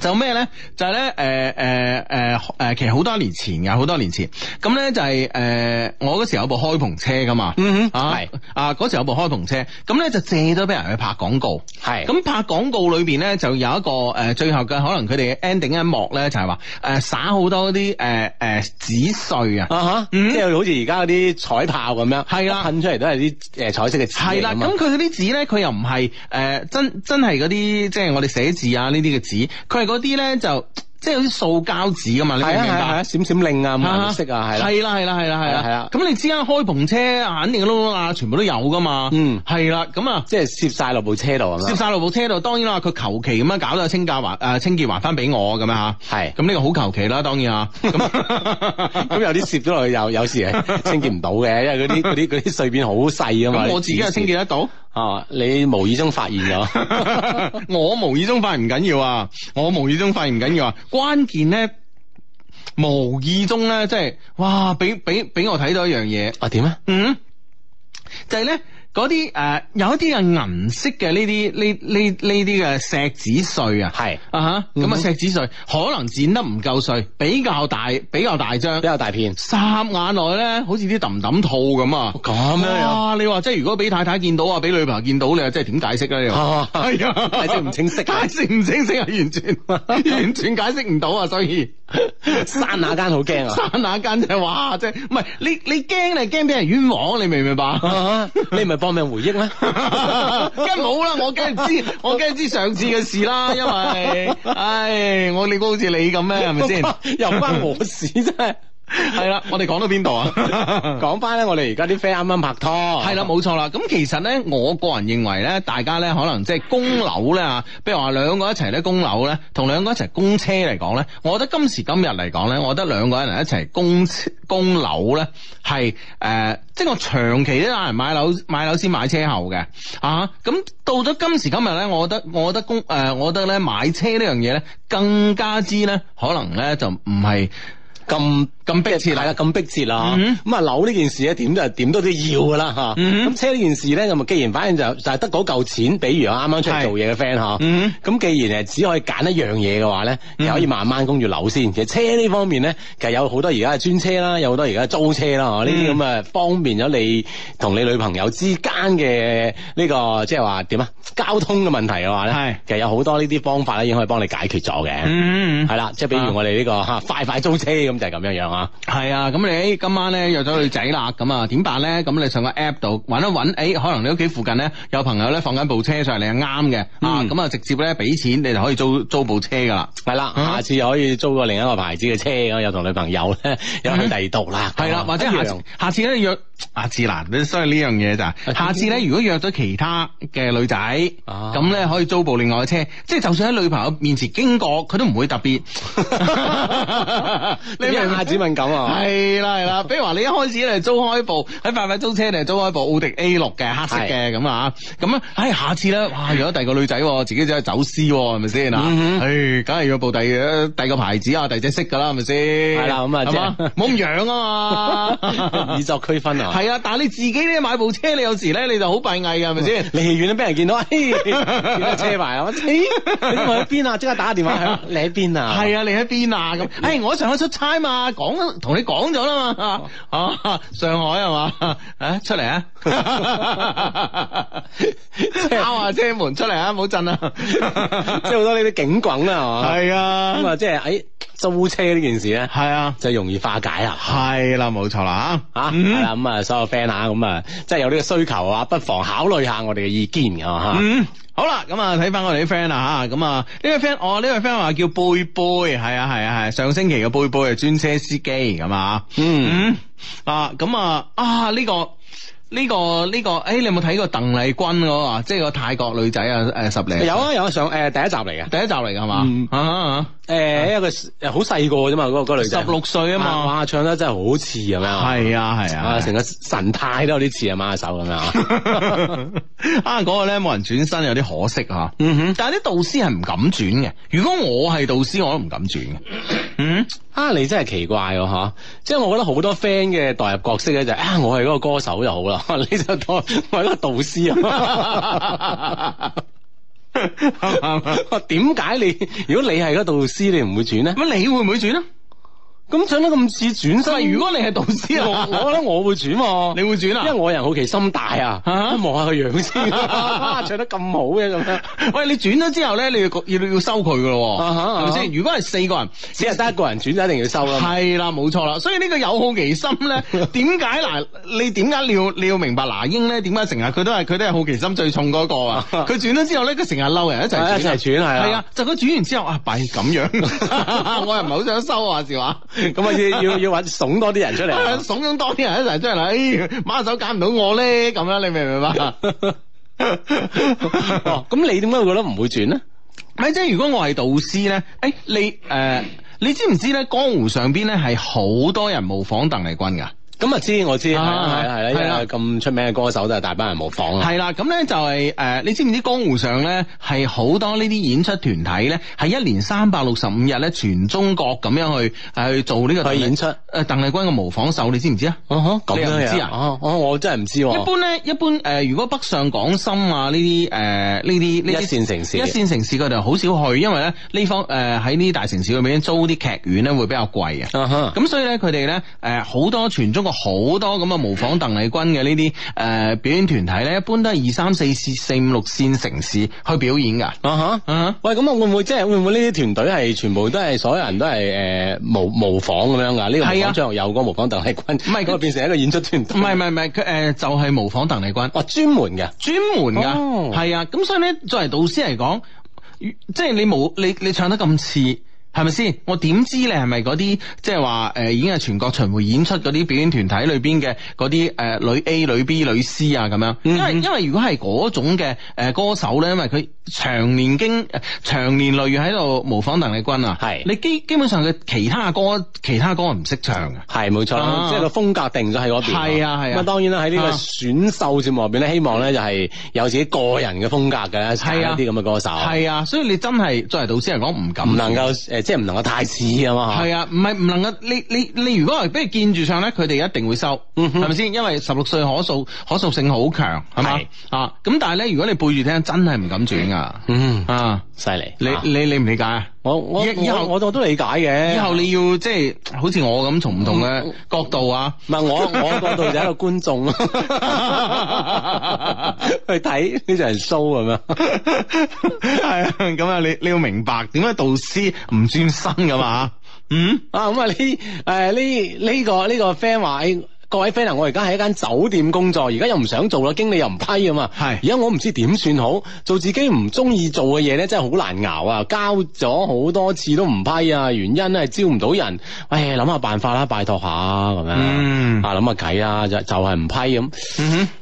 就咩咧？就係咧，誒誒誒誒，其實好多年前噶，好多年前咁咧就係誒，我嗰時有部開篷車噶嘛，嗯哼，啊啊嗰時有部開篷車，咁咧就借咗俾人去拍廣告，係咁拍廣告裏邊咧就有一個誒，最後嘅可能佢哋 ending 一幕咧就係話誒，撒好多啲誒誒紙碎啊，即係好似而家嗰啲彩炮咁樣，係啦，噴出嚟都係啲誒彩色嘅紙，係啦，咁佢啲紙咧，佢又唔係誒真真係嗰啲，即係我哋寫字啊呢啲嘅紙。佢係嗰啲咧就即係好似塑膠紙噶嘛，係啊係啊閃閃令啊，咁顏色啊係啦係啦係啦係啦，係啊咁你之間開篷車肯定窿窿罅罅，全部都有噶嘛，嗯係啦咁啊即係攝晒落部車度，係攝晒落部車度，當然啦，佢求其咁樣搞到清潔還誒清潔還翻俾我咁樣吓，係咁呢個好求其啦，當然啊。咁咁有啲攝咗落去又有時係清潔唔到嘅，因爲嗰啲啲啲碎片好細啊嘛，我自己係清潔得到。啊、哦！你無意中發現咗。 我無意中發現唔緊要啊，我無意中發現唔緊要啊，關鍵咧，無意中咧，即係，哇！俾俾俾我睇到一樣嘢，啊點啊？嗯，就係咧。嗰啲誒，有一啲嘅銀色嘅呢啲呢呢呢啲嘅錫紙碎啊，係啊吓，咁啊錫紙碎可能剪得唔夠碎，比較大比較大張，比較大片，霎眼內咧，好似啲揼揼兔咁啊，咁樣啊，你話即係如果俾太太見到啊，俾女朋友見到你咧，即係點解釋咧？呢個係啊，解釋唔清
晰，解釋唔清晰啊，完全
完全解釋唔到啊，所以霎眼間好驚啊，霎眼間即係哇，即係唔係你你驚你驚俾人冤枉，你明唔明白？你咪。我咪回憶啦，梗
係冇啦，我梗係
知，我梗係知上次嘅事啦，因為唉，我你哥好似你咁咩，係咪先？又關我
事真係。
係啦， 我哋講到邊度啊？講翻咧，我哋而家啲 friend 啱啱拍拖。係啦，冇錯啦。咁其實咧，我個人認為咧，大家咧可能即係供樓咧吓，譬如話兩個一齊咧供樓咧，同兩個一齊供車嚟講咧，我覺得今時今日嚟講咧，我覺得兩個人一齊供供樓咧，係、呃、誒、即、就、係、是、我長期都有人買樓買樓先買車後嘅啊。咁到咗今時今日咧，我覺得我覺得供誒，我覺得咧、呃、買車呢樣嘢咧，更加之咧，可能咧就唔係。咁咁逼切，大家咁逼切啦，咁啊，樓呢件事咧點都點都都要噶啦，吓咁車呢件事咧咁啊，既然反正就就係得嗰嚿錢，比如我啱啱出嚟做嘢嘅 friend 吓，咁既然係只可以揀一樣嘢嘅話咧，又可以慢慢供住樓先。其實車呢方面咧，其實有好多而家嘅專車啦，有好多而家租車啦，呢啲咁嘅方便咗你同你女朋友之間嘅呢個即係話點啊交通嘅問題嘅話咧，其實有好多呢啲方法咧已經可以幫你解決咗嘅，
係啦，即係比如我
哋呢個吓快快租車咁。就係咁樣樣啊！係啊，咁你今晚咧約咗女仔啦，咁 啊點辦咧？咁你上個 App 度搵一搵，誒、欸，可能你屋企附近咧有朋友咧放緊部車上嚟，啱嘅，、嗯、啊，咁啊直接咧俾錢，你就可以租租部車噶啦。係啦了，嗯、下次又可以租個另一個牌子嘅車，又同女朋友咧又去第二度啦。係啦、嗯啊，或者下下次咧約阿志啦，所以呢樣嘢就，下次咧如果約咗其他嘅女仔，咁咧、啊、可以租部另外嘅車，即係就算喺女朋友面前經過，佢都唔會特別。 一下子敏感啊！係啦係啦，比如話你一開始嚟租開部喺快快租車嚟租開部奧迪 A 六嘅黑色嘅，咁啊，咁啊的，唉、哎，下次咧，哇，又有第二個女仔，自己走係走私係咪先啊？唉，梗係要部第第個牌子啊，第隻色噶啦，係咪先？係啦，咁啊，即係冇咁樣啊嘛，以作區分啊。係啊， 但係你自己咧買部車，你有時咧你就好閉翳嘅，係咪先？離遠都俾人見到，邊、哎、個、哎、 車牌、哎、啊？黐你喺邊啊？即刻打個電話，你喺邊啊？係 啊，你喺邊啊？咁，唉，我上去出差。嘛，講同你講咗啦嘛，哦、啊，上海係嘛，啊，出嚟啊！敲、 就是、 下車門出嚟啊！唔好震、 哎、啊！即係好多呢啲警棍啦，係嘛？係啊！咁啊，即係喺租車呢件事咧，係啊，就容易化解啦！係啦，冇錯啦！吓吓，係 啦，咁啊，所有 friend 啊，咁啊，即係有呢個需求啊，不妨考慮下我哋嘅意見啊，吓。嗯， 好啦，咁啊，睇翻我哋啲 friend 啊，吓，咁啊，呢個 friend，哦，呢個 friend 話叫貝貝，係啊，係啊，係上星期嘅貝貝係專車司機，咁啊，嗯啊，咁啊，啊呢個。呢、這個呢、這個誒、欸，你有冇睇過鄧麗君嗰個啊？即係個泰國女仔、呃、啊，誒十零有啊有啊，上誒第一集嚟嘅，第一集嚟嘅係嘛？嗯啊啊 誒、欸啊、一個誒好細個啫嘛，嗰、那個女十六歲啊嘛，哇唱得真係好似咁樣，係啊係啊，成、那個神態都有啲似啊，馬手咁樣。啊嗰個咧冇人轉身有啲可惜嚇、啊，嗯哼，但係啲導師係唔敢轉嘅。如果我係導師，我都唔敢轉嘅。嗯，啊你真係奇怪喎、啊、即係我覺得好多 friend 嘅代入角色咧就係、是、啊我係嗰個歌手就好啦，你就當我係一個導師。啊 點 解你？如果你係個導師，你唔會轉咧。乜你會唔會轉啊？咁長得咁似轉身，如果你係導師，我覺得我會轉，你會轉啊？因為我人好奇心大啊，望下個樣先，唱得咁好嘅咁樣。喂，你轉咗之後咧，你要要要收佢噶咯？係咪先？如果係四個人，只係得一個人轉，就一定要收啦。係啦，冇錯啦。所以呢個有好奇心咧，點解嗱？你點解你要你要明白嗱？英咧點解成日佢都係佢都係好奇心最重嗰個啊？佢轉咗之後咧，佢成日嬲人一齊轉一齊轉，係啊！就佢轉完之後啊，弊咁樣，我又唔係好想收啊，是話？咁啊 要要要搵慫多啲人出嚟，慫恿、啊、多啲人一齊出嚟，馬手揀唔到我咧，咁樣你明唔明白？咁、 oh，你點解會覺得唔會轉咧？咪即係如果我係導師咧，誒你誒、呃、你知唔知咧江湖上邊咧係好多人模仿鄧麗君噶？咁啊知我知，係啦係啦係啦，咁出、啊嗯嗯、名嘅歌手都係大班人模仿啦。係啦、嗯，咁、嗯、咧、嗯、就係、是、誒、呃，你知唔知江湖上咧係好多呢啲演出團體咧，係一年三百六十五日咧全中國咁樣去係、呃、去做呢個演出。誒、呃，鄧麗君嘅模仿秀你知唔知啊？啊哈，咁、啊、樣知是是是啊？我真係唔知喎、啊。一般咧，一般誒，如果北上廣深啊呢啲誒呢啲呢啲一線城市、一線城市嗰度好少去，因為咧呢方誒喺呢啲大城市嗰邊租啲劇院咧會比較貴啊哈，咁所以咧佢哋咧誒好多全中。好多咁啊，模仿鄧麗君嘅呢啲誒表演團體咧，一般都係二三四線、四五六線城市去表演噶。啊哈，啊哈。喂，咁啊會唔會即係、就是、會唔會呢啲團隊係全部都係所有人都係誒、呃、模模仿咁樣噶？呢、這個模仿張學友，嗰個模仿鄧麗君，唔佢變成一個演出團那。唔係唔係唔係，佢誒、 啊呃、就係、是、模仿鄧麗君。哦，專門嘅，專門噶，係啊。咁所以咧，作為導師嚟講，即係你冇你你唱得咁似。係咪先？我點知你係咪嗰啲即係話誒已經係全國巡迴演出嗰啲表演團體裏邊嘅嗰啲誒女 A、女 B、女 C 啊咁樣？嗯、哼因為因為如果係嗰種嘅誒歌手咧，因為佢長年經、呃、長年累月喺度模仿鄧麗君啊，係是你基基本上嘅其他歌其他歌唔識唱嘅，係冇錯，啊、即係個風格定咗喺嗰邊。係啊係啊，咁、啊、當然啦，喺呢個選秀節目入邊咧，希望咧就係有自己個人嘅風格嘅一啲咁嘅歌手。係啊，啊，所以你真係作為導師嚟講，唔敢能夠誒。即係唔能夠太似啊嘛？係啊，唔係唔能夠，你你你如果係俾人見住唱咧，佢哋一定會收，係咪先？因為十六歲可塑，可塑性好強，係咪？是啊？咁但係咧，如果你背住聽，真係唔敢轉噶，嗯哼啊。犀利，你你理唔理解啊？我我以後我我都理解嘅。以後你要即係好似我咁從唔同嘅角度啊。唔係我我角度就係一個觀眾
咯，
去睇呢就係 show 咁 這樣。係 啊， 咁啊你你要明白點解導師唔專心噶嘛？嗯啊咁啊呢誒呢呢個呢、這個 friend 各位 f r 我而家喺一間酒店工作，而家又唔想做啦，經理又唔批啊嘛。係而家我唔知點算好，做自己唔中意做嘅嘢，咧，真係好難熬啊！交咗好多次都唔批啊，原因係招唔到人。哎，諗下辦法啦，拜託下咁樣啊，諗下計啊，就就係唔批咁。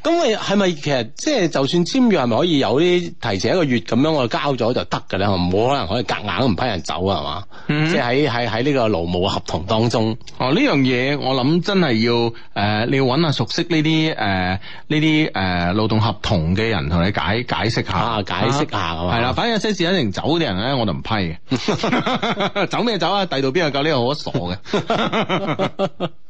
咁咪係咪其實即係就算簽約，係咪可以有啲提前一個月咁樣我交咗就得嘅，唔好可能可以夾硬都唔批人走啊嘛？即係喺喺喺呢個勞務合同當中。哦，呢樣嘢我諗真係要。誒，uh, 你要揾下熟悉呢啲誒呢啲誒勞動合同嘅人同你解解釋下，啊、解釋下係啦。反正有啲事一定走嗰啲人咧，我就唔批嘅。走咩走啊？遞到邊度夠呢？好傻嘅。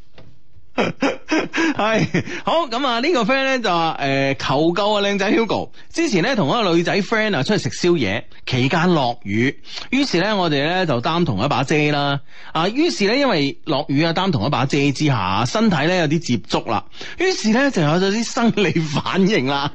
係、哎、好咁啊！個呢個 friend 咧就話誒、呃、求救啊！靚仔 Hugo，之前咧同一個女仔 friend 啊出去食宵夜，期間落雨，於是咧我哋咧就擔同一把遮啦。啊，於是咧因為落雨啊，擔同一把遮之下，身體咧有啲接觸啦，於是咧就有咗啲生理反應啦。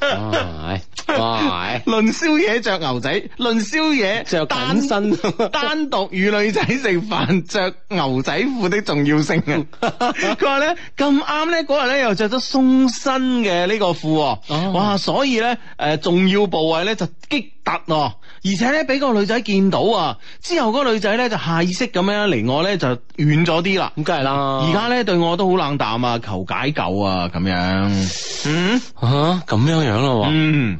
哇！哇！
論宵夜着牛仔，論宵夜着緊緊身， 單獨與女仔食飯着牛仔褲的重要性啊！佢話咧咁啱咧嗰日咧又着咗鬆身嘅呢個褲，oh. 哇！所以咧誒、呃、重要部位咧就激突哦、啊。而且咧，俾個女仔見到啊，之後嗰個女仔咧就下意識咁樣離我咧就遠咗啲啦。咁梗係啦。而家咧對我都好冷淡啊，求解救啊，咁樣。嗯，
吓咁、啊、樣樣咯。嗯。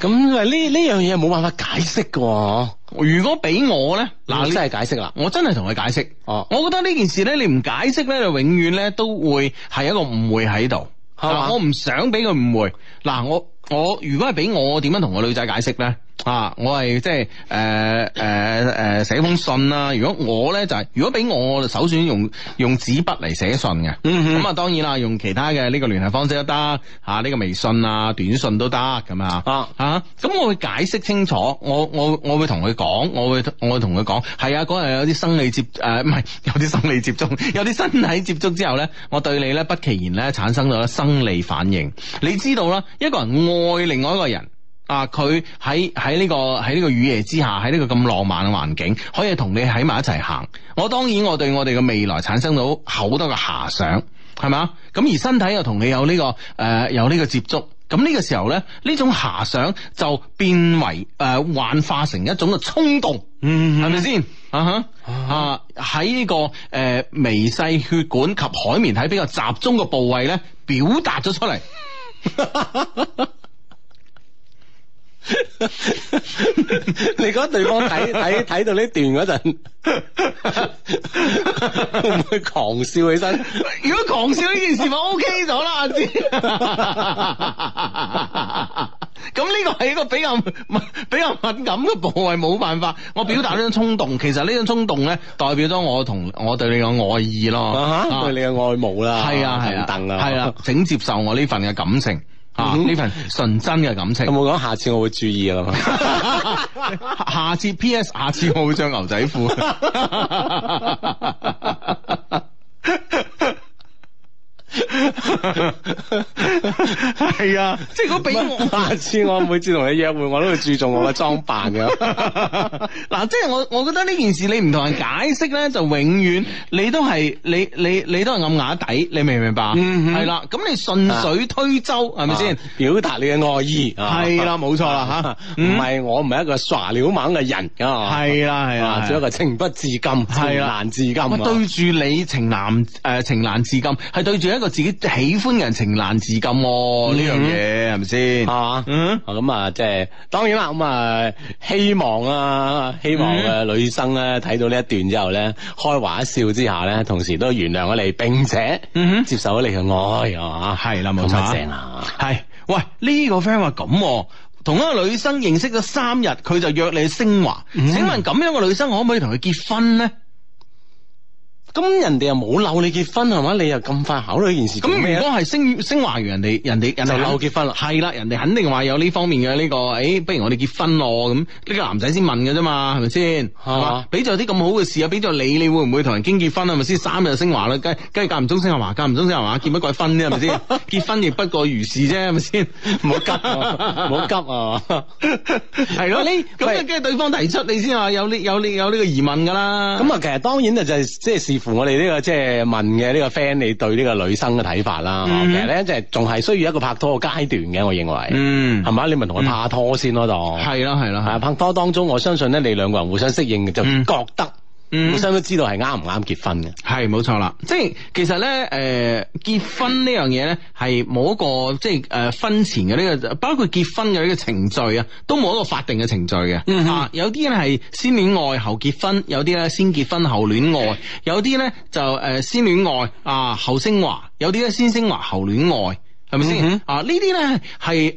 咁啊，呢呢樣嘢冇辦法解釋噶。如果俾我咧，嗱，你真係解釋啦。我真係同佢解釋。哦、啊。我覺得呢件事咧，你唔解釋咧，就永遠咧都會係一個誤會喺度。係嘛吧、啊。我唔想俾佢誤會。嗱，我。我如果係俾我點樣同個女仔解釋咧啊，我係即係誒誒誒寫封信啦、啊。如果我咧就係、是、如果俾我就首選用用紙筆嚟寫信嘅，咁啊、嗯、哼當然啦，用其他嘅呢個聯繫方式都得吓，呢、啊呢個微信啊短信都得咁啊啊，咁我會解釋清楚。我我我會同佢講，我會我會同佢講，係啊嗰日有啲生理接誒唔係有啲生理接觸， 有啲身體接觸之後咧，我對你咧不其然咧產生咗生理反應。你知道啦，一個人，一個人愛另外一個人啊，佢喺喺呢個喺呢個雨夜之下，喺呢個咁浪漫嘅環境，可以同你喺埋一齊行。我當然我對我哋嘅未來產生到好多嘅遐想，係嘛？咁而身體又同你有呢、這個誒、呃、有呢個接觸，咁呢個時候呢，呢種遐想就變為誒、呃、幻化成一種嘅衝動，嗯、mm，係咪先啊？吓啊喺呢個誒、呃、微細血管及海綿體比較集中嘅部位呢，表達咗出嚟。 你覺得對方睇睇睇到呢段嗰陣， 會唔會狂笑起身？
如果狂笑呢件事，我 OK 咗啦，阿知咁呢 個係一個比
較比較敏感嘅部位，冇辦法，我表達呢種衝動。其實衝呢種衝動咧，代表咗我同我對你嘅愛意咯，對你嘅愛慕啦。係啊係啊，係啦、啊啊啊，請接受我呢份嘅感情。啊，呢份純真嘅感情，有冇講，下次我會注意啊！ 下次 P.S. 下次我會着牛仔褲。
係啊，即係如果俾我，下次我每次同你約會，
我都會注重我嘅裝扮㗎。嗱，即係我我覺得呢件事你唔同人解釋咧，就永遠你都係你你你都係暗啞底，你明唔明白？嗯，係啦。咁你順水推舟係咪先？表達你嘅愛意係啦，冇錯啦吓。唔係我唔係一個耍料猛嘅人㗎，係啦係啦，仲有一個情不自禁，情難自禁。對住你情難誒情難自禁，係對住一個。自己喜歡人情難自禁喎，呢樣嘢係咪先？啊，嗯、mm，咁、hmm. 啊，即係、就是、當然啦，咁啊，希望啊，希望啊，mm hmm. 女生咧睇到呢一段之後咧，開懷一笑之下咧，同時都原諒咗你，並且接受咗你嘅愛，啊。嘛、mm，係啦，冇錯。同啊，係、啊啊，喂，呢、這個 friend 話咁，同一個女生認識咗三日，佢就約你去升華，mm hmm. 請問咁樣嘅女生，可唔可以同佢結婚咧？咁人哋又冇鬧你結婚係嘛？你又咁快考慮呢件事？咁如果係升升華完人哋人哋人哋鬧結婚啦，係啦，人哋肯定話有呢方面嘅呢個。誒，不如我哋結婚咯咁，呢個男仔先問㗎啫嘛，係咪先？係嘛？俾咗啲咁好嘅事啊，俾咗你，你會唔會同人傾結婚啊？係咪先三日升華啦，梗梗係夾唔中升下華，夾唔中升下華，結乜鬼婚呢？係咪先？結婚亦不過如是啫，係咪先？唔好急，唔好急啊！係咯，你，咁跟住對方提出你先話有呢有有呢個疑問㗎啦。咁啊，其實當然就係即係我哋呢個即係問嘅呢個 friend，你對呢個女生嘅睇法啦。Mm hmm. 其實咧，即係仲係需要一個拍拖嘅階段嘅，我認為，係嘛、mm hmm.？你咪同佢拍拖先咯，當、mm。係、hmm. 啦裡，係啦，係啊！拍拖當中，我相信咧，你兩個人互相適應嘅就覺得、mm。Hmm. 本身都知道係啱唔啱結婚嘅，係冇錯啦。即係其實咧，誒、呃、結婚呢樣嘢咧，係冇一個即係誒、呃、婚前嘅呢、這個，包括結婚嘅呢個程序啊，都冇一個法定嘅程序嘅。吓、嗯嗯啊，有啲咧係先戀愛後結婚，有啲咧先結婚後戀愛，有啲咧就誒先戀愛啊後升華，有啲咧先升華後戀愛。係咪先？啊，呢啲咧係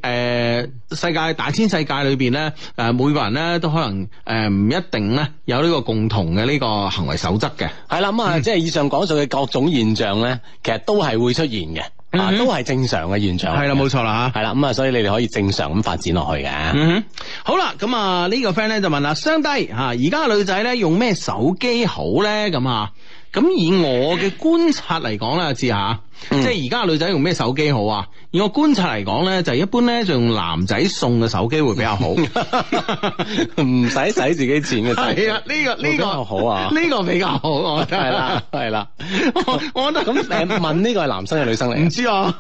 誒世界大千世界裏邊咧，誒、呃、每個人咧都可能誒唔、呃、一定咧有呢個共同嘅呢個行為守則嘅。係啦，咁啊，即係以上講述嘅各種現象咧，其實都係會出現嘅，啊，都係正常嘅現象。係、嗯、哼啦，冇錯啦，係啦，咁啊，所以你哋可以正常咁發展落去嘅。嗯哼，好啦，咁啊呢個 friend 咧就問啦，相低吓，而家女仔咧用咩手機好咧？咁啊，咁以我嘅觀察嚟講啦，知吓。即係而家女仔用咩手機好啊？以我觀察嚟講咧，就一般咧就用男仔送嘅手機會比較好，唔使使自己錢嘅。係啊，呢個呢個好啊，呢個比較好，我覺得係啦係啦。我我覺得咁誒，問呢個係男生嘅女生嚟？唔知
啊，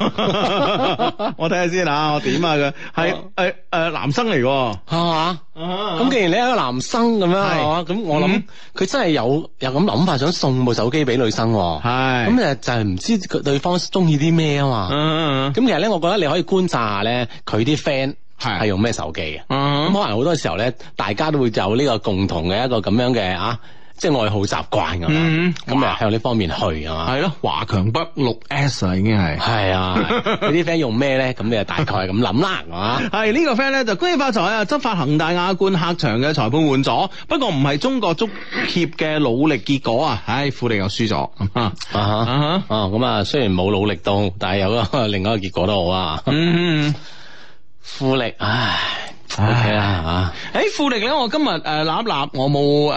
我睇下先吓，我點啊佢係誒誒男生嚟嘅，係嘛啊？
咁既然
你係個男生咁樣，係嘛？咁我諗佢真係有有咁諗法，想送部手機俾女生，係咁誒，就係唔知佢對方。中意啲咩啊嘛，嗯嗯咁其實咧，我覺得你可以觀察下咧，佢啲 friend 係用咩手機嘅，咁 可能好多時候咧，大家都會有呢個共同嘅一個咁樣嘅啊。即係愛好習慣咁啊，咁啊、嗯、向呢方面去啊嘛，係咯，華強北六 S 啊，已經係係啊， 你啲 friend 用咩咧？咁你就大概咁諗啦，係嘛？ 係、這個、呢個 friend 咧就恭喜發財啊！執法恒大亞冠客場嘅裁判換咗，不過唔係中國足協嘅努力結果啊！唉、哎，富力又輸咗啊！啊哈咁啊，雖然冇努力到，但係有個 另外一個結果都好啊！嗯， 富力唉。O K 吓，誒富力咧，我今日誒攬攬，我冇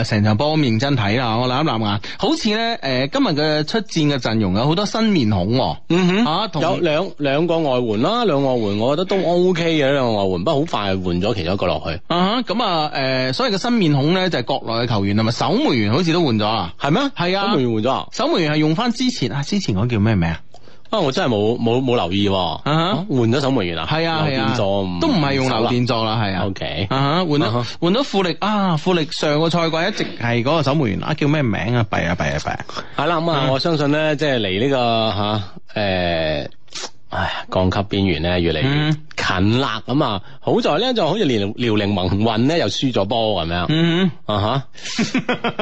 誒成場波認真睇啦，我攬攬眼，好似咧誒今日嘅出戰嘅陣容有好多新面孔，哦，嗯哼吓，啊、同有兩兩個外援啦，兩個外援我覺得都 O K 嘅兩個外援，不過好快換咗其中一個落去，嗯，啊咁啊誒，所謂嘅新面孔咧就係國內嘅球員同埋守門員，係咪好似都換咗嗎啊，係咩？係啊，守門員換咗，守門員係用翻之前啊，之前嗰叫咩名？啊！我真係冇冇冇留意喎，啊！換咗守門員啊？係啊係啊，都唔係用劉殿座啦，係啊。O K，啊！換咗換咗富力啊！富力上個賽季一直係嗰個守門員啊，叫咩名啊？弊啊弊啊弊！係啦咁啊，我相信咧，即係嚟呢個吓誒。啊欸哎，降級邊緣咧，越嚟越近啦咁啊！好在咧，就好似遼遼寧宏運咧，又輸咗波，係咪啊？啊哈！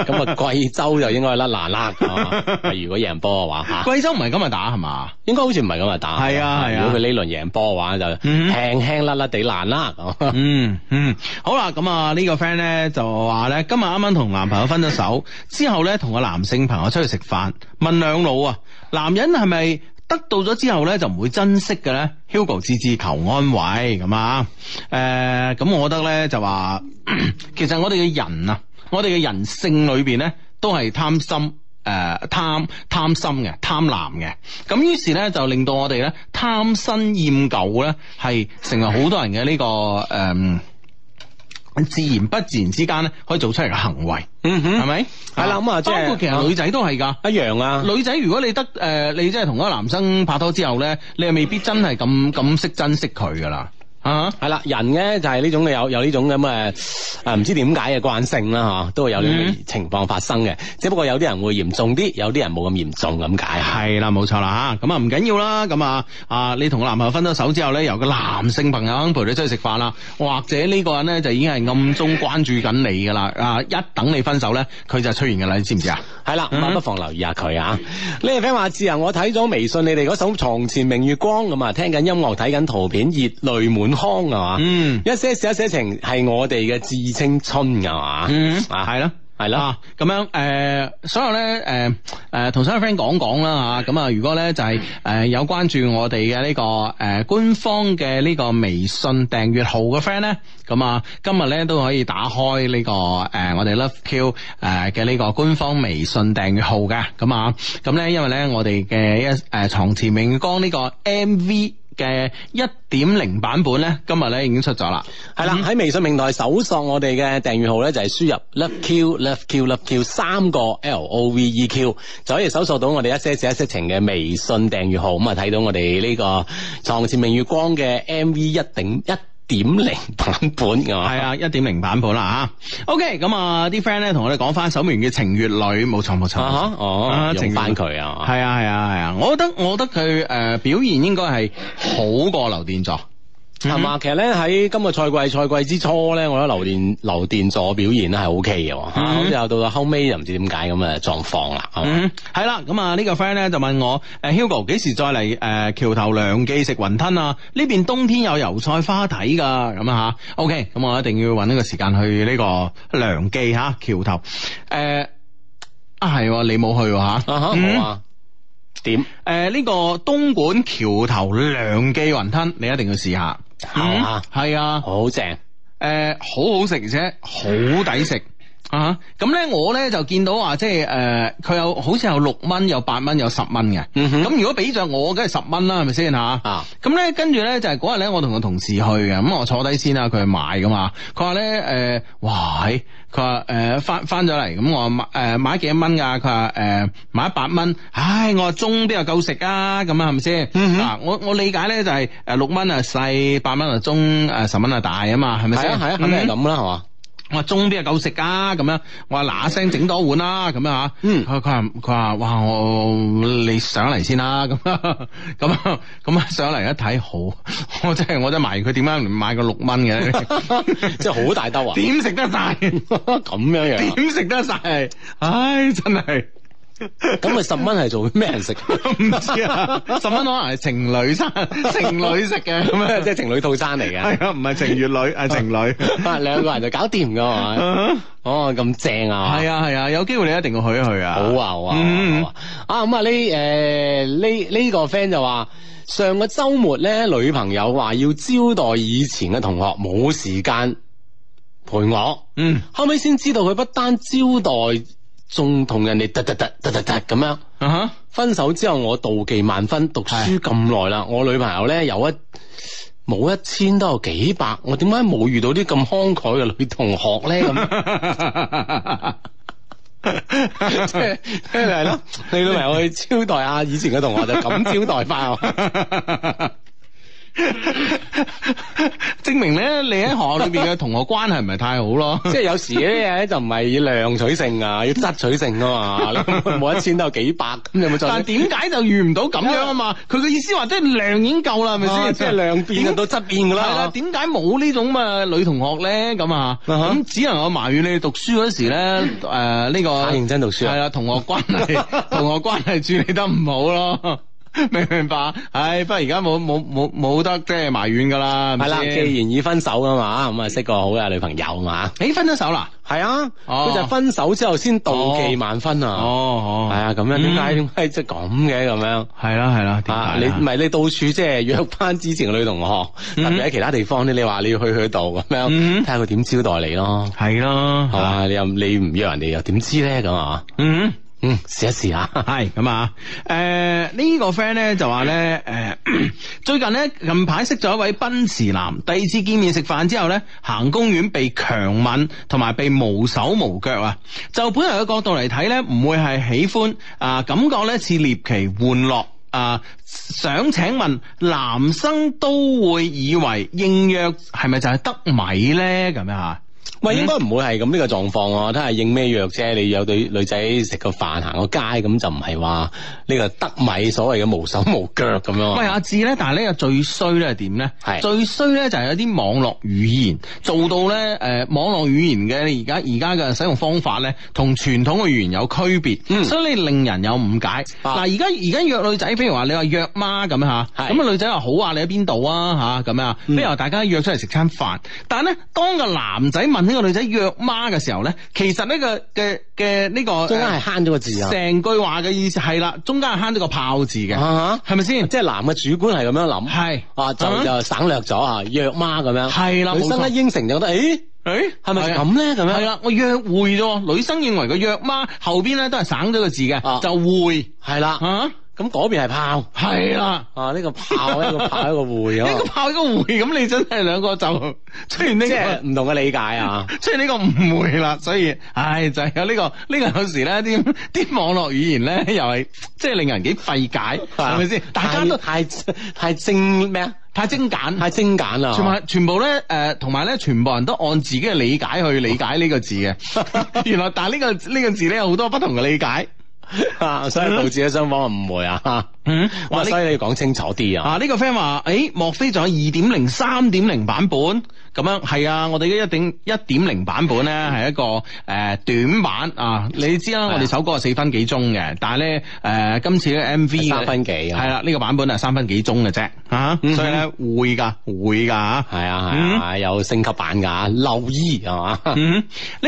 咁啊，貴州就應該甩爛啦。如果贏波嘅話，貴州唔係咁啊打係嘛？應該好似唔係咁啊打。係啊係啊。如果佢呢輪贏波嘅話，就輕輕甩甩地爛啦。嗯嗯。好啦，咁啊呢個 friend 咧就話咧，今日啱啱同男朋友分咗手之後咧，同個男性朋友出去食飯，問兩老啊，男人係咪？得到咗之後呢，就唔會珍惜嘅呢。Hugo 自之求安慰咁啊！誒，咁、呃、我覺得呢，就話， 其實我哋嘅人啊，我哋嘅人性裏邊呢，都係貪心誒、呃、貪貪心嘅貪婪嘅。咁於是呢，就令到我哋呢，貪新厭舊呢，係成為好多人嘅呢、呢個誒。呃自然不自然之間咧，可以做出嚟嘅行為，係咪、嗯哼？係啦，咁啊，包括其實女仔都係噶，一樣啊。女仔如果你得誒、呃，你即係同一個男生拍拖之後咧，你又未必真係咁咁識珍惜佢噶啦。啊，係啦，人咧就係呢種嘅有有呢種咁嘅，誒唔知點解嘅慣性啦，吓，都會有呢個情況發生嘅，嗯、只不過有啲人會嚴重啲，有啲人冇咁嚴重咁解。係啦，冇錯啦，吓、啊，咁啊唔緊要啦，咁啊啊你同個男朋友分咗手之後咧，由個男性朋友陪你出去食飯啦，或者呢個人咧就已經係暗中關注緊你噶啦，啊一等你分手咧，佢就出現噶啦，你知唔知啊？係啦、嗯嗯，不妨不留意下佢啊。呢位 friend 話事啊，我睇咗微信你哋嗰首床前明月光咁啊，聽緊音樂睇緊圖片，熱淚滿。康啊嘛，嗯，一些事一些情係我哋嘅致青春、嗯、吧啊嘛，嗯啊係咯係咯，咁樣誒、呃，所有咧誒誒，同所有 friend 講講啦吓，咁、呃、啊，如果咧就係、是、誒、呃、有關注我哋嘅呢個誒、呃、官方嘅呢個微信訂閱號嘅 friend 咧，咁啊今日咧都可以打開呢、這個誒、呃、我哋 Love Q 誒嘅呢個官方微信訂閱號嘅，咁啊咁咧因為咧我哋嘅一誒、呃、床前明月光呢個 M V。嘅一點零版本咧，今日咧已經出咗啦。係啦、嗯，喺微信平台搜索我哋嘅訂閱號咧，就係、是、輸入 loveq loveq loveq 三個 L O V E Q，就可以搜索到我哋一些事一些情嘅微信訂閱號咁啊，睇到我哋呢個床前明月光嘅 M V 一頂一。點零版本㗎，係啊，一點零版本啦，吓，O K，咁啊，啲 friend 咧，同我哋講翻《守門員嘅晴月女，冇錯，冇錯，哦，用翻佢啊，係啊係啊係啊，我覺得我覺得佢誒、呃、表現應該係好過劉殿座。係嘛？嗯、其實咧喺今個賽季賽季之初咧，我覺得流電流電助表現咧係 O K 嘅，吓、嗯哼，咁似又到到後尾又唔知點解咁嘅狀況啦。嗯哼，係啦，咁啊呢個 friend 咧就問我，誒、啊、Hugo 幾時再嚟誒橋頭良記食雲吞啊？呢邊冬天有油菜花睇噶，咁、嗯、啊吓。O K，咁我一定要揾呢個時間去呢個良記吓橋、啊、頭。誒、啊，啊係，你冇去吓？點、啊？誒呢、啊、個東莞橋頭良記雲吞，你一定要試下。係、嗯、啊，係啊，好正，誒、呃，好好食，而且好抵食。啊！咁咧我咧就見到話即係誒，佢、呃、有好似有六蚊、有八蚊、有十蚊嘅。咁、嗯、哼如果比著我，梗係十蚊啦，係咪先嚇？咁咧跟住咧就係嗰日咧，我同個同事去嘅。咁我坐低先啦，佢買噶嘛。佢話咧誒，哇！佢話誒翻翻咗嚟。咁、呃、我話買誒、呃、買幾蚊㗎？佢話誒買一百蚊。唉，我話中邊又夠食啊？咁樣係咪先？嗯、哼啊！我我理解咧就係誒六蚊啊細，八蚊啊中，誒十蚊啊大啊嘛，係咪先？係啊係啊，係咪係咁啦，係嘛？我話中啲又夠食啊！咁樣，我話嗱嗰聲整多碗啦、啊！咁樣嚇，嗯，佢佢話佢話，哇！我你上嚟先啦，咁啊，咁啊，咁啊上嚟一睇，好，我真係我真係埋怨佢點解唔買個六蚊嘅。
即係好大兜啊！點食得晒？
咁 樣嘅子，點食得晒？唉，真係。咁啊，十蚊係做咩人食？唔 知啊，十蚊可能係情侶餐、 情侶食嘅，咁即係情侶套餐嚟嘅。係啊，唔係情侶女，係情侶，兩 個人就搞掂噶係嘛？Uh huh. 哦，咁正啊！係啊係啊，有機會你一定要去一去啊。好啊，好、啊 mm hmm. 啊！啊咁啊，呢誒呢呢個 friend 就話，上個周末咧，女朋友話要招待以前嘅同學，冇時間陪我。嗯、mm，後尾先知道佢不單招待。仲同人哋突突突突突突咁樣，啊、huh. 分手之後我妒忌萬分，讀書咁耐啦，我女朋友咧有一冇一千都有幾百，我點解冇遇到啲咁慷慨嘅女同學咧？咁即係係咯，你女朋友去招待啊以前嘅同學就咁招待翻。 證明咧，你喺學校裏邊嘅同學關係唔係太好咯。 即係有時嗰就唔係以量取勝啊，要質取勝啊嘛。冇 一千都有幾百，咁你咪但係點解就遇唔到咁樣啊嘛？佢嘅在意思話即係量已經夠啦，係咪先？即係量變到質變噶啦。係啦、嗯，點解冇呢種嘅女同學咧？咁啊哈，咁只能我埋怨你讀書嗰時咧，誒、呃、呢、這個認真讀書係啦，同學關係，同學關係處理得唔好咯。明唔明白？唉，不過而家冇冇冇冇得即係埋怨噶啦。係啦，既然已分手噶嘛，咁啊識個好嘅女朋友嘛。誒，分咗手啦，係啊，佢就分手之後先妒忌萬分啊。哦哦，係啊，咁樣點解點解即係咁嘅咁樣？係啦係啦，點解？你唔係你到處即係約翻之前嘅女同學，特別喺其他地方咧，你話你要去佢度咁樣，睇下佢點招待你咯。係咯，啊，你又你唔約人哋又點知咧咁啊？嗯。嗯，試一試啊，係咁啊！誒，呢、呃這個 friend 呢就話呢，誒、呃，最近咧近排識咗一位奔馳男，第二次見面食飯之後呢，行公園被強吻，同埋被無手無腳啊！就本人嘅角度嚟睇呢，唔會係喜歡啊、呃，感覺呢似獵奇玩樂啊、呃。想請問，男生都會以為應約係咪就係得米呢？咁樣啊？喂，嗯、看看應該唔會係咁呢個狀況啊，睇下應咩約啫。你有對女仔食個飯行個街咁，就唔係話呢個得米所謂嘅無手無腳咁樣。喂，阿志咧，但係呢又是最衰咧係點咧？係最衰咧就係有啲網絡語言做到咧，誒、呃、網絡語言嘅你而家而家嘅使用方法咧，同傳統嘅語言有區別，嗯、所以你令人有誤解。嗱、啊，而家而家約女仔，譬如話你話約媽咁吓，咁啊是女仔話好啊，你喺邊度啊吓咁啊？譬如話大家約出嚟食餐飯，但係咧當，當個男仔問。呢個女仔約媽嘅時候咧，其實呢個嘅嘅呢個，中間係慳咗個字啊！成句話嘅意思係啦，中間係慳咗個炮字嘅，係咪先？即係男嘅主觀係咁樣諗，係啊就就省略咗啊約媽咁樣，係啦。女生咧應承就覺得，誒誒，係咪咁咧？咁樣係啦，我約會啫。女生認為個約媽後邊咧都係省咗個字嘅，就會係啦啊。咁嗰邊係炮，係啦，啊呢個炮，一個炮，一個會，呢個炮，一個會，咁你真係兩個就，出現呢個唔同嘅理解啊，所以呢個誤會啦，所以，唉，就係有呢個，呢個有時咧啲啲網絡語言咧，又係即係令人幾費解，係咪先？大家都太太精咩啊？太精簡，太精簡啦。全部全部咧，誒，同埋咧，全部人都按自己嘅理解去理解呢個字嘅。原來，但係呢個呢個字咧，有好多不同嘅理解。 啊，所以導致咗雙方嘅誤會啊！嗯，哇！所以你要講清楚啲啊。 啊，呢、這個 friend 話，誒，莫非仲有二點零、三點零版本？咁樣係啊，我哋嘅一點一點零版本咧，係、嗯、一個誒短版啊。嗯、你知啦，啊、我哋首歌係四分幾鐘嘅，但係咧誒，今次嘅 M V 三分幾啊，係啦、嗯、呢、啊這個版本係三分幾鐘嘅啫。吓，所以咧會噶，會噶吓，係啊係啊，係、啊啊、有升級版噶留意係嘛？呢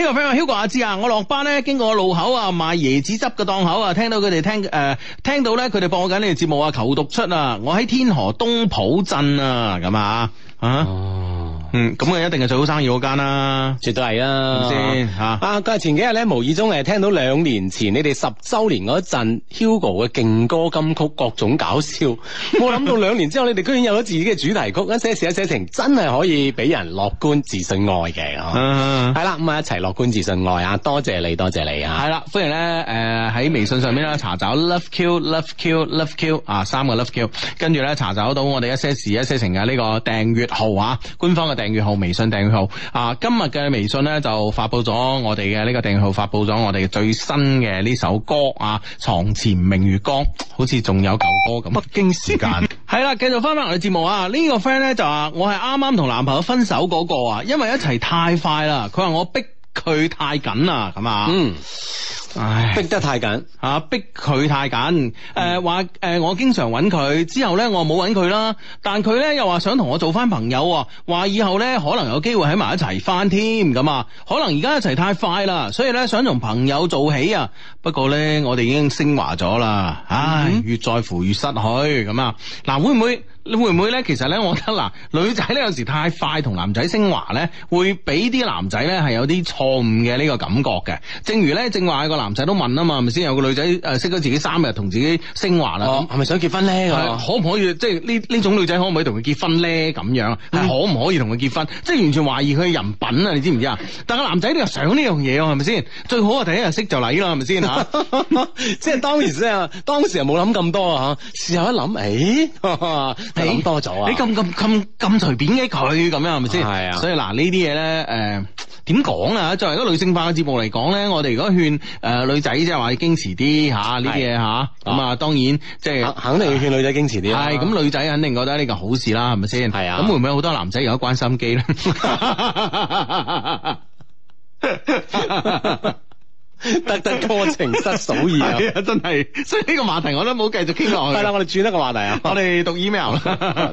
個 friend，Hugo 阿志啊，我落班咧經過路口啊，賣椰子汁嘅檔口啊，聽到佢哋聽誒、呃、聽到咧，佢哋播緊。呢個節目啊，求讀出啊！我喺天河東圃鎮啊，咁啊。吓、啊。哦嗯，咁啊一定係最好生意間啦，啊，絕對係啦，先、嗯、吓、嗯？啊，今係前幾日咧，無意中誒聽到兩年前你哋十週年嗰陣，Hugo 嘅勁歌金曲各種搞笑， 我諗到兩年之後你哋居然有咗自己嘅主題曲，一些事一些情，真係可以俾人樂觀， 觀自信愛嘅，係啦，咁啊一齊樂觀自信愛啊！多謝你，多謝你啊！係啦，歡迎咧誒喺微信上面咧查找 love q love q love q 啊，三個 love q，跟住咧查找到我哋一些事一些情嘅呢個訂閱號啊，官方嘅訂。啊訂閱號，微信訂閱號啊！今日嘅微信呢，就發佈咗我哋嘅呢個訂閱號，發佈咗我哋最新嘅呢首歌啊，《床前明月光》，好似仲有舊歌咁。北京時間係啦，繼 續返返我哋節目啊！呢、呢個 friend 呢，就話我係啱啱同男朋友分手嗰、嗰個啊，因為一齊太快啦，佢話我逼。佢太緊啦，咁啊，嗯，唉，逼得太緊吓，啊，逼佢太緊，誒話誒，我經常揾佢，之後呢我冇揾佢啦，但佢呢又話想同我做翻朋友，話以後呢可能有機會喺埋一齊翻添，咁啊，可能而家一齊太快啦，所以呢想從朋友做起啊，不過呢，我哋已經升華咗啦，唉，越在乎越失去，咁啊，嗱會唔會？你會唔會咧？其實咧，我覺得嗱，女仔咧有時太快同男仔升華咧，會俾啲男仔咧係有啲錯誤嘅呢個感覺嘅。正如咧，正話有個男仔都問啊嘛，係咪先有個女仔誒識咗自己三日同自己升華啦？哦，係咪樣想結婚咧？係可唔可以即係呢呢種女仔可唔可以同佢結婚咧？咁樣、嗯、可唔可以同佢結婚？即係完全懷疑佢嘅人品啊！你知唔知啊？但個男仔咧又想呢樣嘢，係咪先最好啊？第一日識就嚟啦，係咪先吓？ 即係當然先啊，當時又冇諗咁多啊吓。事後一諗，誒、欸。諗你多咗啊！你咁咁咁咁隨便嘅，佢咁樣係咪先？係啊！所以嗱、呃、呢啲嘢咧，誒點講啊？作為一個女性化嘅節目嚟講咧，我哋如果勸誒、呃、女仔即係話要矜持啲嚇呢啲嘢吓，咁啊，啊，啊當然即係、就是啊、肯定要勸女仔矜持啲。係咁、啊、女仔肯定覺得呢個好事啦，係咪先？係啊！咁會唔會好多男仔而家關心機咧？
得得歌情
失手意啊！真係，所以呢個話題我都冇繼續傾落去。係啦，我哋轉一個話題啊！我哋讀 email，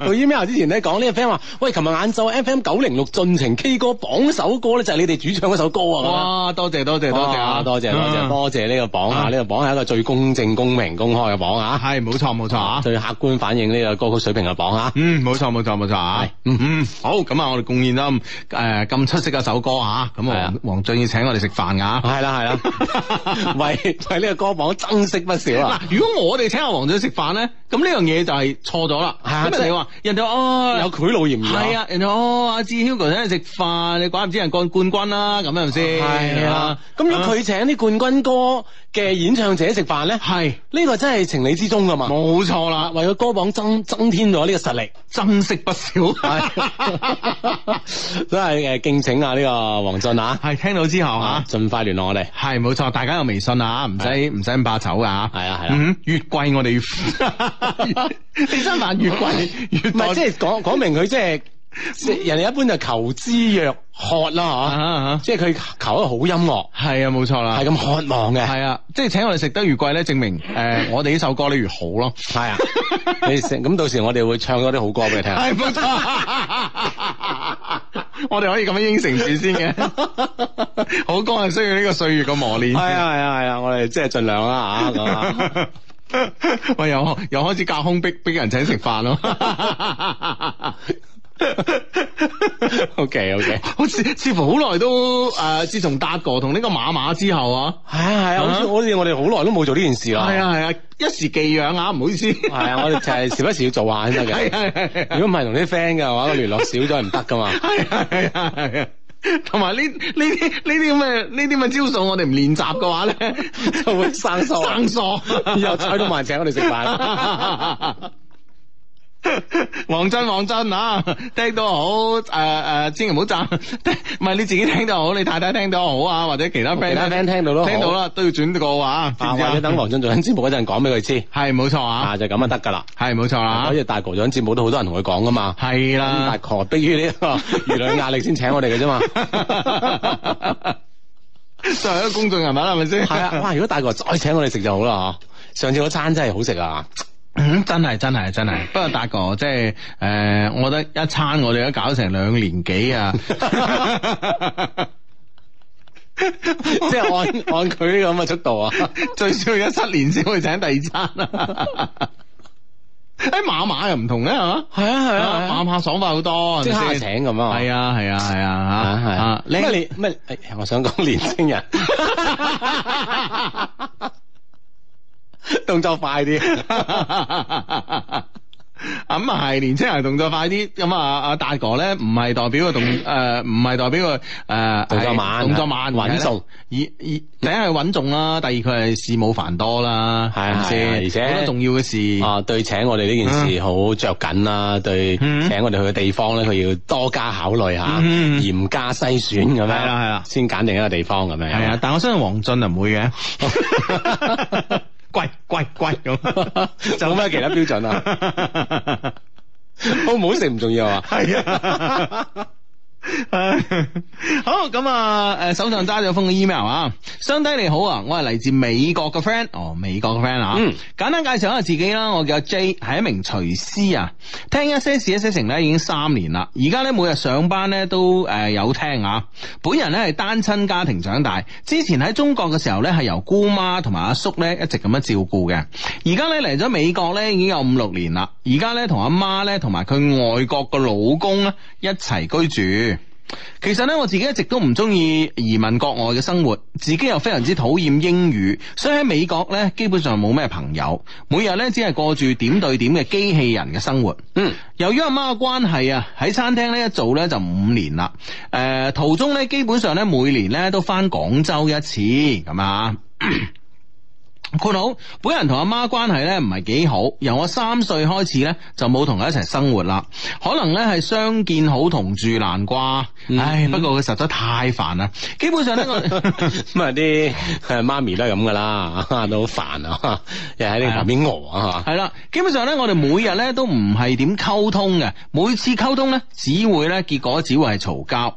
讀 email 之前咧，講呢個 friend 話：喂，琴日晏晝 FM 九零六盡情 K 歌榜首歌咧，就係你哋主唱嗰首歌啊！哇！多謝多謝多謝啊！多謝多謝，多謝呢個榜啊！呢個榜係一個最公正、公平、公開嘅榜啊！係冇錯冇錯啊！最客觀反映呢個歌曲水平嘅榜啊！嗯，冇錯冇錯冇錯啊！嗯嗯，好，咁啊，我哋貢獻咗誒咁出色嘅首歌啊！咁啊，黃俊義請我哋食飯啊！係啦係啦。為為呢個歌榜增色不少啊！嗱，如果我哋請阿黃俊食飯咧，咁呢樣嘢就係錯咗啦。咁你話人哋哦有賄賂嫌疑，係啊，人哋哦阿志 Hugo 請人食飯，你怪唔知人乾冠軍啦？咁係咪先？係啊，咁樣佢請啲冠軍歌嘅演唱者食飯咧，係呢個真係情理之中噶嘛？冇錯啦，為咗歌榜增增添咗呢個實力，增色不少。都係誒，敬請啊呢個黃俊啊，係聽到之後吓，盡快聯絡我哋係。冇錯，大家有微信啊，唔使唔使咁怕醜噶，係啊係啊，越貴我哋越， 第三晚越貴，唔係 待即係講講明佢即係。人哋一般就求之若渴啦，吓，啊啊、即係佢求一個好音樂，係啊，冇錯啦，係咁渴望嘅，係啊，即、就、係、是、請我哋食得越貴咧，證明誒，呃、 我哋呢首歌咧越好咯，係是啊， 你食咁到時我哋會唱多啲好歌俾你聽，係冇錯，我哋可以咁樣應承住先嘅，好歌係需要呢個歲月嘅磨練，係啊係啊係啊，我哋即係盡量啦吓咁啊，我 又又開始隔空逼逼人請食飯咯。
O K O K，好似
似乎好耐都誒、呃，自從達哥同呢個馬馬之後啊，
係啊係啊，好似、
uh huh. 我哋好耐都冇做呢件事啦，係啊係啊，一時寄養啊，唔好意思，係啊、哎，我哋就係時不時要做下先得嘅，哎哎、如果唔係同啲 friend 嘅話，個聯絡少咗係唔得噶嘛，係啊係啊係啊，同埋呢呢啲呢啲咁嘅呢啲咁嘅招數，我哋唔練習嘅話咧，就會生疏生疏傻，又彩都埋請我哋食飯。 王真，王真，啊、呃呃，聽到好誒誒，千祈唔好讚，唔係你自己聽到好，你太太聽到好啊，或者其他 friend，其他 friend 聽到咯，聽到啦，都要轉告啊。或者、啊、等王俊做緊節目嗰陣講俾佢知，係冇錯啊，就咁就得噶啦，係冇錯啊，好似、啊就是、大哥做緊節目都好多人同佢講噶嘛，係啦、啊，大哥迫於呢、這個輿論壓力先請我哋嘅啫嘛，作為一個公眾人物係咪先？係 啊，哇！如果大哥再請我哋食就好啦吓，上次嗰餐真係好食啊。真係真係真係，不過達哥即係誒，我覺得一餐我哋都搞成兩年幾啊，即係按按佢咁嘅速度啊，最少要一七年先會請第二餐啊。誒，馬馬又唔同啊，係嘛？係啊係啊，馬馬爽快好多，即係請咁啊，係啊係啊係啊吓，係靚年咩？誒，我想講年輕人。動作快啲，咁啊係，年輕人動作快啲。咁啊，阿大哥咧，唔係代表個動誒，唔係代表個誒動作慢，動作慢穩重。而而第一係穩重啦，第二佢係事務繁多啦。係係，而且好多重要嘅事。啊，對，請我哋呢件事好着緊啦。對，請我哋去嘅地方咧，佢要多加考慮下，嚴加篩選咁樣啦，係啦，先揀定一個地方咁樣。係啊，但我相信王俊就唔會嘅。貴貴貴咁，仲有咩其他標準啊？ 好唔好食唔重
要啊，係啊。
Uh, 好咁啊！誒、嗯，手上揸咗封嘅 email 啊，兄弟你好啊，我係嚟自美國嘅 friend，哦，美國嘅 friend 啊，嗯，簡單介紹下自己啦。我叫 J，係一名廚師啊，聽一些事一些情咧已經三年啦。而家咧每日上班咧都誒有聽啊。本人咧係單親家庭長大，之前喺中國嘅時候咧係由姑媽同埋阿叔咧一直咁樣照顧嘅。而家咧嚟咗美國咧已經有五六年啦。而家咧同阿媽咧同埋佢外國嘅老公咧一齊居住。其實咧，我自己一直都唔中意移民國外嘅生活，自己又非常之討厭英語，所以喺美國咧，基本上冇咩朋友，每日咧只係過住點對點嘅機器人嘅生活。嗯，由於阿媽嘅關係啊，喺餐廳咧一做咧就五年啦。誒、呃，途中咧基本上咧每年咧都返廣州一次，咁啊。 佢好，本人同阿媽關係咧唔係幾好，由我三歲開始咧就冇同佢一齊生活啦。可能咧係相見好同住難啩，嗯嗯唉，不過佢實在太煩啦。基本上咧，咁啊啲誒媽咪都係咁噶啦，都好煩啊，又喺你下邊餓啊。係啦的、嗯，基本上咧，我哋每日咧都唔係點溝通嘅，每次溝通咧只會咧結果只會係嘈交。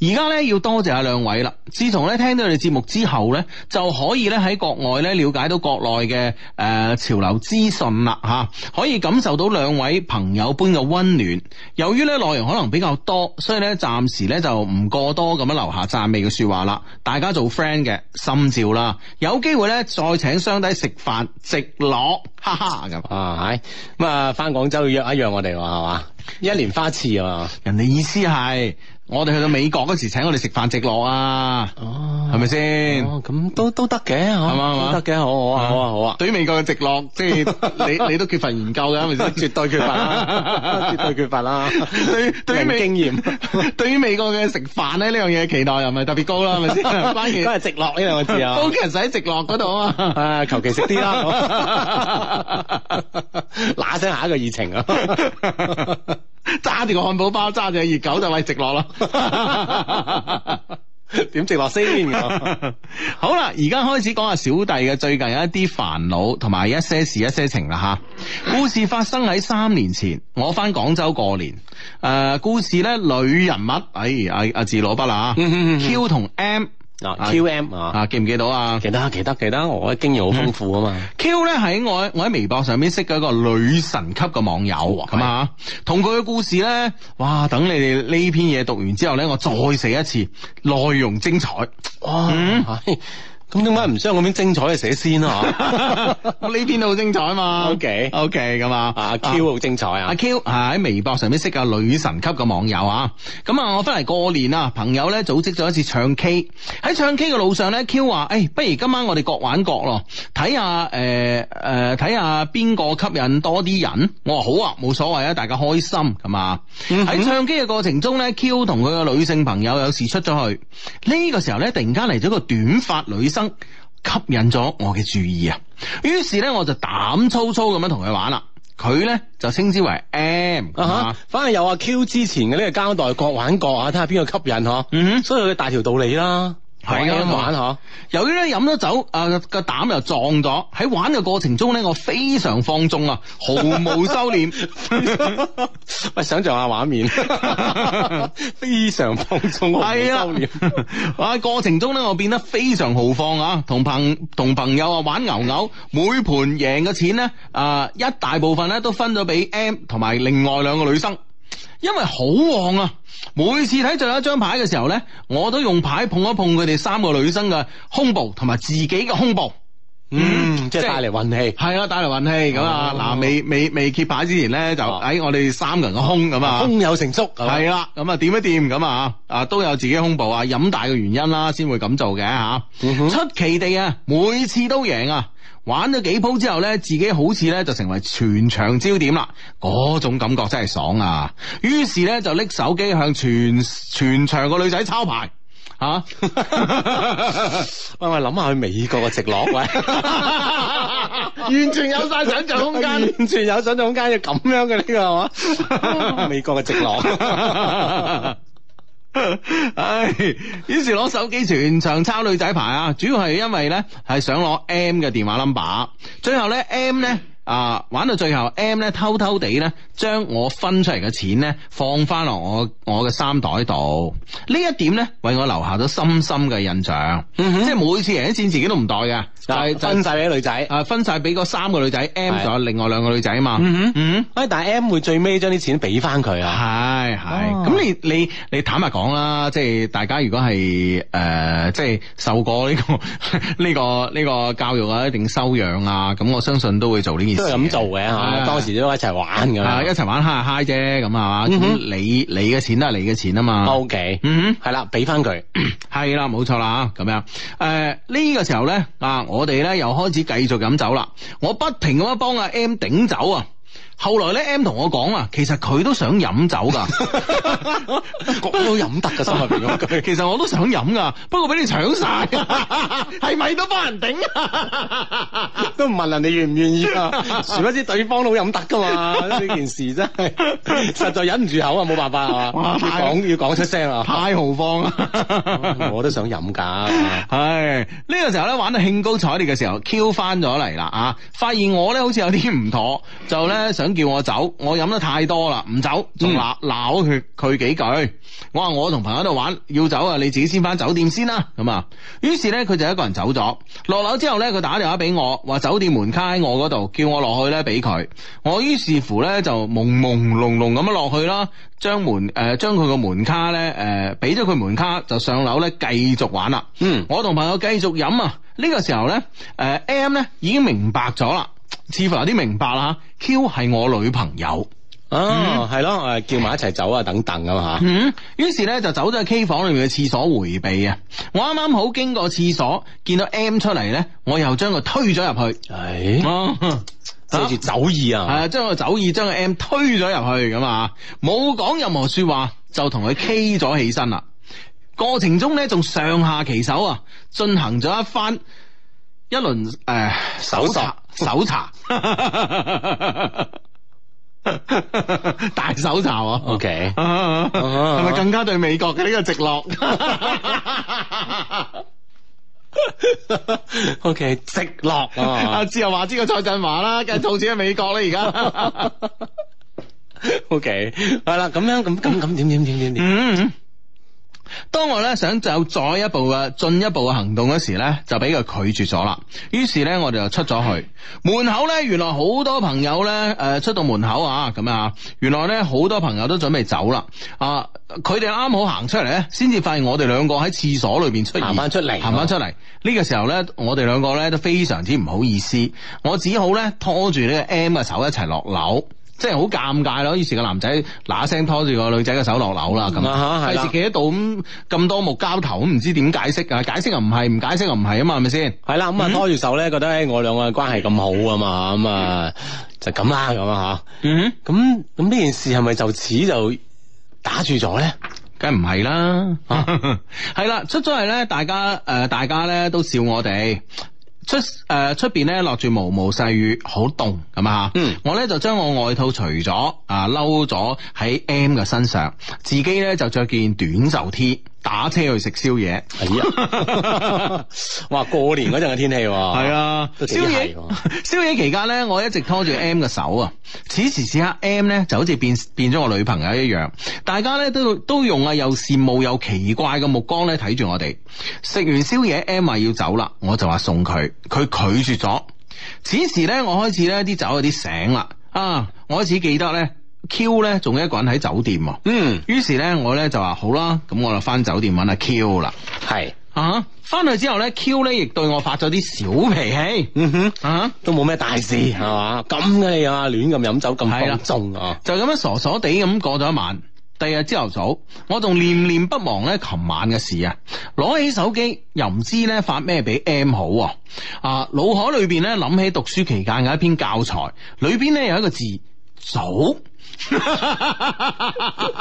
而家咧要多謝下兩位啦！自從咧聽到你哋節目之後呢，就可以咧喺國外咧了解到國內嘅誒潮流資訊啦，吓、啊、可以感受到兩位朋友般嘅溫暖。由於咧內容可能比較多，所以咧暫時咧就唔過多咁樣留下讚美嘅說話啦。大家做 friend 嘅心照啦，有機會咧再請相低食飯直落，哈哈咁啊，係咁啊，翻廣州約一約我哋話係嘛， 一年花次啊，人哋意思係。我哋去到美國嗰時，請我哋食飯直落啊！哦，係咪先？咁都都得嘅，係嘛？都得嘅，好好啊？好啊，好啊！對於美國嘅直落，即係你你都缺乏研究嘅，係咪先？絕對缺乏，絕對缺乏啦！對，對於美經驗，對於美國嘅食飯咧，呢樣嘢期待又唔係特別高啦，係咪先？反而直落呢兩個字啊，都其實喺直落嗰度啊，誒，求其食啲啦，嗱聲下一個議程！啊揸住個漢堡包，揸住熱狗就喂直落咯，點 直落先？ 好啦，而家開始講下小弟嘅最近有一啲煩惱同埋一些事、一些情啦吓。故事發生喺三年前，我翻廣州過年。誒、呃，故事咧女人物，哎，阿阿自攞筆啦，Q 同 M。嗱、oh，Q M 啊，啊記唔記得啊？記得，記得，記得，我嘅經驗好豐富啊嘛。嗯、Q 呢，喺我我喺微博上面識咗一個女神級嘅網友，咁啊，同佢嘅故事呢。哇！等你哋呢篇嘢讀完之後呢，我再寫一次，內容精彩，哇！咁點解唔需要咁樣精彩嘅寫先啊呢篇都好精彩啊嘛？OK OK 咁 啊！阿 Q 好精彩啊！阿 Q 係喺微博上邊識嘅女神級嘅網友啊！咁啊，我翻嚟過年啊，朋友咧組織咗一次唱 K。喺唱 K 嘅路上咧，Q 話誒不如今晚我哋各玩各咯，睇下誒誒，睇下邊個吸引多啲人。我話好啊，冇所謂啊，大家開心咁啊！喺、嗯嗯、唱 K 嘅過程中咧，Q 同佢嘅女性朋友有事出咗去。呢、呢個時候咧，突然間嚟咗個短發女生。吸引咗我嘅注意啊！於是咧我就膽粗粗咁樣同佢玩啦，佢咧就稱之為 M 啊、uh！嚇、huh，反而有阿 Q 之前嘅呢個交代國國，各玩各啊，睇下邊個吸引嗬。嗯哼、uh，huh. 所以佢大條道理啦。對 Yeah. 玩吓，啊、由於咧飲咗酒，誒個膽又壯咗。喺玩嘅過程中咧，我非常放縱啊，毫無收斂。 喂，想象下畫面， 非常放縱，係啊。喺過程中咧，我變得非常豪放啊。同朋同朋友啊玩牛牛，每盤贏嘅錢咧，啊、呃、一大部分咧都分咗俾 M 同埋另外兩個女生。因為好旺啊！每次睇最後一張牌嘅時候咧，我都用牌碰一碰佢哋三個女生嘅胸，胸部，同埋自己嘅胸部。嗯，即係帶嚟運氣，係、哦、啊，帶嚟運氣咁啊！嗱，未未未揭牌之前咧，就喺我哋三個人嘅胸咁、哦、啊。胸有成竹，係啦，咁啊，掂一掂咁啊啊，都有自己胸部啊，飲大嘅原因啦，先會咁做嘅吓。出奇地啊，每次都贏啊！玩咗幾鋪之後咧，自己好似咧就成為全場焦點啦，嗰種感覺真係爽啊！於是咧就拎手機向全全場個女仔抄牌，吓、啊！喂 喂，諗下去美國嘅直落喂，
完全有晒想象空間，完
全有想象空間 要咁樣嘅呢、這個係嘛？ 美國嘅直落。 唉，於是攞手機全場抄女仔牌啊！主要係因為咧，係想攞 M 嘅電話 number，最後咧 M 咧。啊！玩到最後 m 咧，偷偷地咧，將我分出嚟嘅錢咧放翻落我我嘅衫袋度。呢一點咧為我留下咗深深嘅印象。即係每次贏啲錢，自己都唔袋嘅，就係分晒俾啲女仔。啊，分晒俾個三個女仔，M 仲有另外兩個女仔啊嘛？嗯哼嗯哼。喂，但係 M 會最尾將啲錢俾翻佢啊！係係。咁你你你坦白講啦，即係大家如果係誒即係受過呢個呢個呢個教育啊，一定修養啊，咁我相信都會做呢件。都係咁做嘅嚇。啊、當時都一齊玩嘅，啊樣啊，一齊玩嗨啊嗨啫，咁啊嘛，你你嘅錢都係你嘅錢啊嘛。O K，嗯哼，係啦，俾翻佢，係啦，冇 錯啦嚇，咁樣誒呢、呃呢個時候咧啊，我哋咧又開始繼續飲酒啦，我不停咁樣幫阿 M 頂酒啊。後來咧，M 同我講啊，其實佢都想飲酒噶，
講到飲
得噶，心入邊嗰句，其實我都想飲噶，不過俾你搶晒，
係咪都幫人頂？
都唔問人哋願唔願意啊？殊不知對方都好飲得噶嘛，呢件事真係實在忍唔住口啊，冇辦法係嘛，要講要講出聲啊，太豪放啊。我都想飲噶，係呢個時候咧玩到興高采烈嘅時候，Q 翻咗嚟啦啊！發現我咧好似有啲唔妥，就咧想。叫我走，我飲得太多啦，唔走，仲鬧鬧咗佢佢幾句。我話我同朋友喺度玩，要走啊，你自己先返酒店先啦。咁啊，於是呢，佢就一個人走咗。落樓之後呢，佢打電話俾我，話酒店門卡喺我嗰度，叫我落去呢俾佢。我於是乎呢，就朦朦朧朧咁樣落去啦，將門誒，將佢個門卡呢，誒、呃，俾咗佢門卡，就上樓呢繼續玩啦。嗯，我同朋友繼續飲啊。呢、呢個時候呢誒 M 呢已經明白咗啦。似乎有啲明白啦吓，Q 係我女朋友啊，係咯、哦，嗯、叫埋一齊走啊等等咁吓。嗯，於是咧就走咗去 K 房裏面嘅廁所回避啊。我啱啱好經過廁所，見到 M 出嚟咧，我又將佢推咗入去。係、哎哦、啊，借住酒意啊，係啊，將個酒意將個 M 推咗入去咁啊，冇講任何說話，就同佢 K 咗起身啦。過程中咧仲上下其手啊，進行咗一番。一輪誒，搜查，搜查， 大搜查喎。OK，係咪更加對美國嘅呢、這個直落
？O Okay , K，直落啊！啊，
自由華之個蔡振華啦，梗係套住喺美國啦，而家。OK，係啦，咁樣，咁咁咁點點點點點。當我咧想就再一步嘅進一步嘅行動嗰時咧，就俾佢拒絕咗啦。於是咧，我哋就出咗去門口咧，原來好多朋友咧，誒、呃，出到門口啊，咁啊，原來咧好多朋友都準備走啦。啊，佢哋啱啱好行出嚟咧，先至發現我哋兩個喺廁所裏邊出現，行翻出嚟，行翻出嚟。呢、這個時候咧，我哋兩個咧都非常之唔好意思，我只好咧拖住呢個 M 嘅手一齊落樓。即係好尷尬咯，於是個男仔嗱一聲拖住個女仔嘅手落樓啦，咁、嗯、那啊吓係啦，費事企喺度咁咁多木交頭，咁唔知點解釋啊？解釋又唔係，唔解釋又唔係啊？嘛係咪先？係啦、嗯，咁啊、嗯、拖住手咧，覺得誒我兩個關係咁好啊嘛，咁啊就咁啦，咁啊吓。嗯咁咁呢件事係咪就此就打住咗咧？梗係唔係啦，係、啊、啦 出咗嚟咧，大家誒、呃，大家咧都笑我哋。出誒出邊咧落住毛毛細雨，好凍咁啊！嗯，我咧就將我外套除咗，啊嬲咗喺 M 嘅身上，自己咧就着件短袖 T。打車去食宵夜，係啊！哇，過年嗰陣嘅天氣，係 啊！宵夜，宵夜期間咧，我一直拖住 M 嘅手啊。此時此刻，M 咧就好似變變咗我女朋友一樣，大家咧都都用啊又羨慕又奇怪嘅目光咧睇住我哋。食完宵夜，M 咪要走啦，我就話送佢，佢拒絕咗。此時咧，我開始咧啲酒有啲醒啦，啊，我開始記得咧。Q 咧仲有一個人喺酒店，嗯，於是咧我咧就話好啦，咁我就翻酒店揾阿、啊、Q 啦，係是，啊，翻去之後咧，Q 咧亦對我發咗啲小脾氣，嗯哼，啊，都冇咩大事係嘛，咁嘅啊，亂咁飲酒咁放縱啊，就咁樣傻傻地咁過咗一晚，第二日朝頭早，我仲念念不忘咧琴晚嘅事啊，攞起手機又唔知咧發咩俾 M 好啊，腦海裏邊咧諗起讀書期間嘅一篇教材，裏邊咧有一個字早。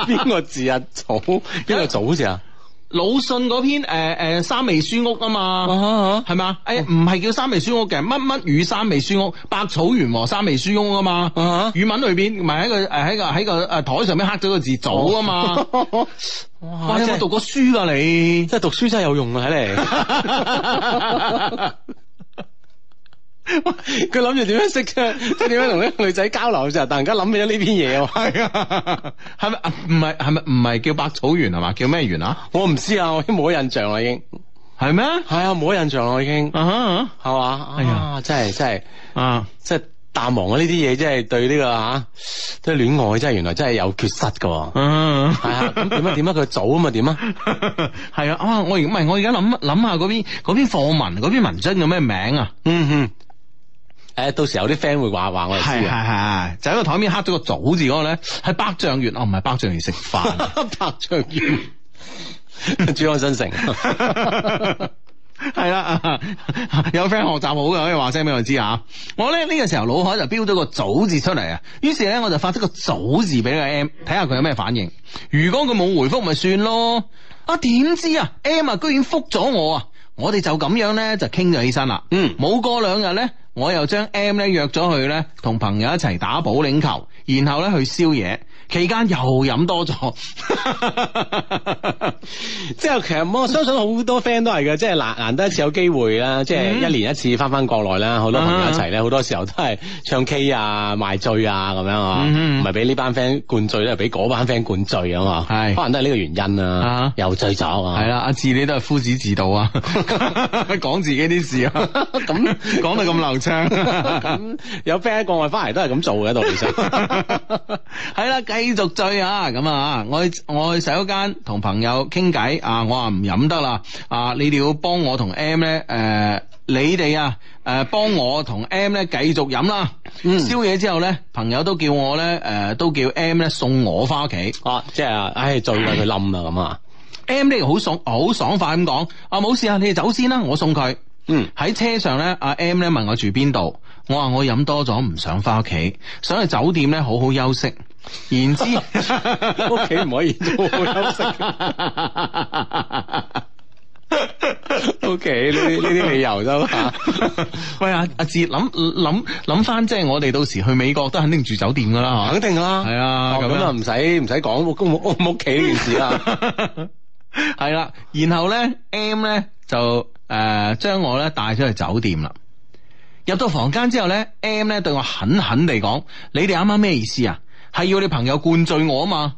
邊 個字啊？草邊個草字啊？魯迅嗰篇誒誒三味書屋啊嘛，係嘛、啊？誒唔係叫三味書屋嘅，乜乜雨三味書屋，百草園和三味書屋啊嘛。啊啊語文裏邊，唔係喺個誒喺個喺個誒台上面刻咗個字早」啊嘛。
哇，你是讀
過書噶、啊、你，真係讀書真係有用啊，睇嚟。佢諗住點樣識啫？即係點樣同呢個女仔交流嘅時候，突然間諗起咗呢篇嘢喎。係 啊，係咪唔係？係咪唔係叫百草園係嘛？叫咩園啊？我唔知啊，我已經冇印象啦，已經係咩？係嗎啊，冇印象啦，已經啊哈，係嘛、uh huh. 這個？啊，真係真係啊，即係淡忘咗呢啲嘢真係對呢個吓，即係戀愛真係原來真係有缺失噶。嗯、uh，係、huh. 啊，點啊點啊，佢早啊嘛點啊？係啊，啊我而唔係我而家諗諗下嗰篇嗰篇課文嗰篇文章叫咩名啊？嗯哼。誒，到時候啲 friend 會話話我知啊，就喺個台面黑咗個早字嗰個咧，喺百丈園哦，唔係百丈園食飯，百丈園珠江新城，係 啦， 有 friend 學習好嘅可以話聲俾我知啊。我咧呢、這個時候，腦海就標咗個早字出嚟啊，於是咧我就發咗個早字俾個 M，睇下佢有咩反應。如果佢冇回覆咪算咯，啊點知啊 M 啊居然覆咗我啊！我哋就咁樣咧，就傾咗起身啦。嗯，冇過兩日咧，我又將 M 咧約咗去咧，同朋友一齊打保齡球，然後咧去宵夜。期間又飲多咗，即係其實我相信好多 friend 都係嘅，即係難難得一次有機會啦。即係一年一次翻翻國內啦，好多朋友一齊咧，好多時候都係唱 K 啊、賣醉啊咁樣啊，唔係俾呢班 friend 灌醉咧，俾嗰班 friend 灌醉啊嘛，是可能都係呢個原因啦。又醉酒啊！係啦，阿志你都係夫子自道啊，講 自己啲事啊，咁講到咁流暢， 有 friend 過嚟翻嚟都係咁做嘅，到其實係啦。 繼續醉啊！咁啊，我去我去洗手間同朋友傾偈啊。我話唔飲得啦，啊！你哋要幫我同 M 咧，誒，你哋啊，誒、啊，幫我同 M 咧繼續飲啦。宵、嗯、夜之後咧，朋友都叫我咧，誒、啊，都叫 M 咧送我翻屋企。哦、啊，即係唉，醉到佢冧啦咁啊。M 呢好爽好爽快咁講，啊冇事啊，你哋走先、啊、啦，我送佢。嗯，喺車上咧，阿 M 咧問我住邊度，我話我飲多咗唔想翻屋企，想去酒店咧好好休息。然之屋企唔可以做休息。O K，呢啲呢啲理由啫。 喂，阿阿哲諗諗諗翻，即係、就是、我哋到時去美國都肯定住酒店噶啦，肯定啦，係啊咁啊，唔使唔使講我公我屋企呢件事啦。係 啦、啊，然後咧，M 咧就誒將、呃、我咧帶出去酒店啦。入到房間之後咧，M 咧對我狠狠地講：你哋啱啱咩意思啊？係要你朋友灌醉我啊嘛，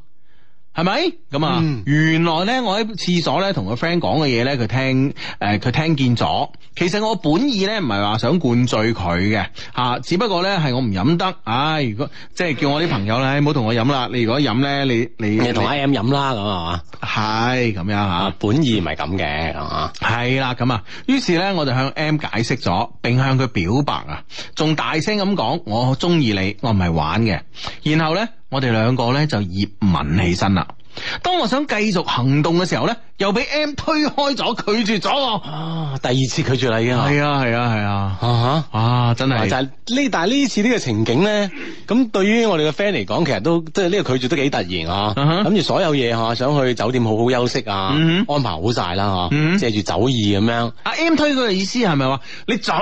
係咪咁啊？嗯、原來咧，我喺廁所咧同個 friend 講嘅嘢咧，佢聽誒，佢聽見咗。其實我本意咧唔係話想灌醉佢嘅吓，只不過咧係我唔飲得，唉，如果即係叫我啲朋友咧，唔好同我飲啦。你如果飲咧，你你同阿 M 飲啦，咁啊嘛，係咁樣吓，本意唔係咁嘅，係啦咁啊。於是咧，我就向 M 解釋咗，並向佢表白啊，仲大聲咁講我中意你，我唔係玩嘅。然後咧，我哋兩個咧就熱吻起身啦。當我想繼續行動嘅時候咧，又俾 M 推開咗，拒絕咗我。啊，第二次拒絕你啊？係啊，係啊，係啊。啊哈，啊真係。就係、是、呢，但係呢次呢個情景咧，咁 對於我哋嘅 friend 嚟講，其實都即係呢個拒絕都幾突然啊。諗住、uh huh. 所有嘢吓、啊，想去酒店好好休息啊，uh huh. 安排好晒啦吓，借、啊、住、uh huh. 酒意咁樣。啊，M 推佢嘅意思係咪話你走？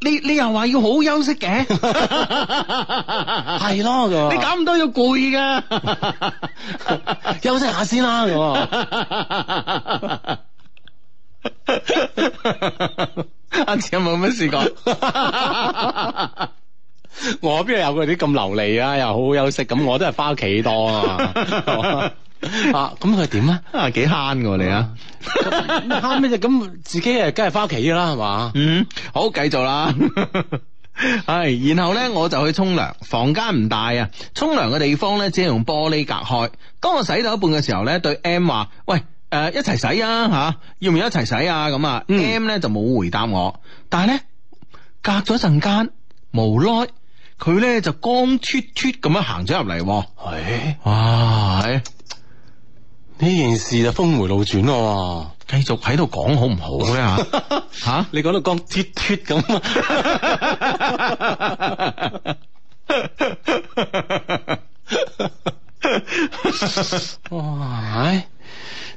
你你又話要好好休息嘅，
係 咯？
那個、你搞咁多要攰噶， 休息下先啦。我、
那、
阿、個、 有冇乜事講，我 邊有嗰啲咁流利啊？又好好休息，咁我都係翻屋企多啊。 啊，咁佢點咧？啊，幾慳嘅你啊！慳咩啫？咁自己誒，梗係翻屋企嘅啦，係嘛？嗯，好繼續啦。係， 然後咧我就去沖涼，房間唔大啊。沖涼嘅地方咧只係用玻璃隔開。當我洗到一半嘅時候咧，對 M 話，喂，誒、呃，一齊洗啊吓？要唔要一齊洗啊？咁啊，要要啊、嗯、？M 咧就冇回答我，但係咧隔咗一陣間，無耐佢咧就光脫脫咁樣行咗入嚟。係啊是，哇呢件事就峰回路轉咯，繼續喺度講好唔好咧吓？吓啥？你講到光脫脫咁啊？哇！哎、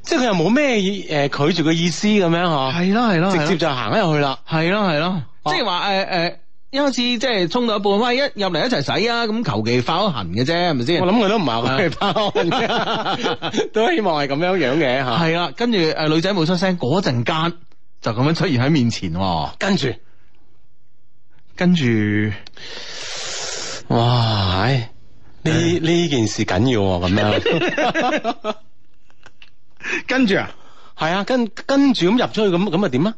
即係佢又冇咩誒拒絕嘅意思咁樣嗬？係咯係咯，直接就行咗入去啦。係咯係咯，啊、即係話誒誒。呃呃有一次即係沖到一半，喂，一入嚟一齊洗啊！咁求其化行嘅啫，係咪先？我諗佢都唔係咁去化，都希望係咁樣樣嘅吓。係啦，跟住誒、呃、女仔冇出聲，嗰陣間就咁樣出現喺面前。跟、哦、住，跟住，哇！呢呢件事緊要喎、啊，咁樣。跟住啊，係啊，跟跟住咁入咗去，咁咁啊點啊？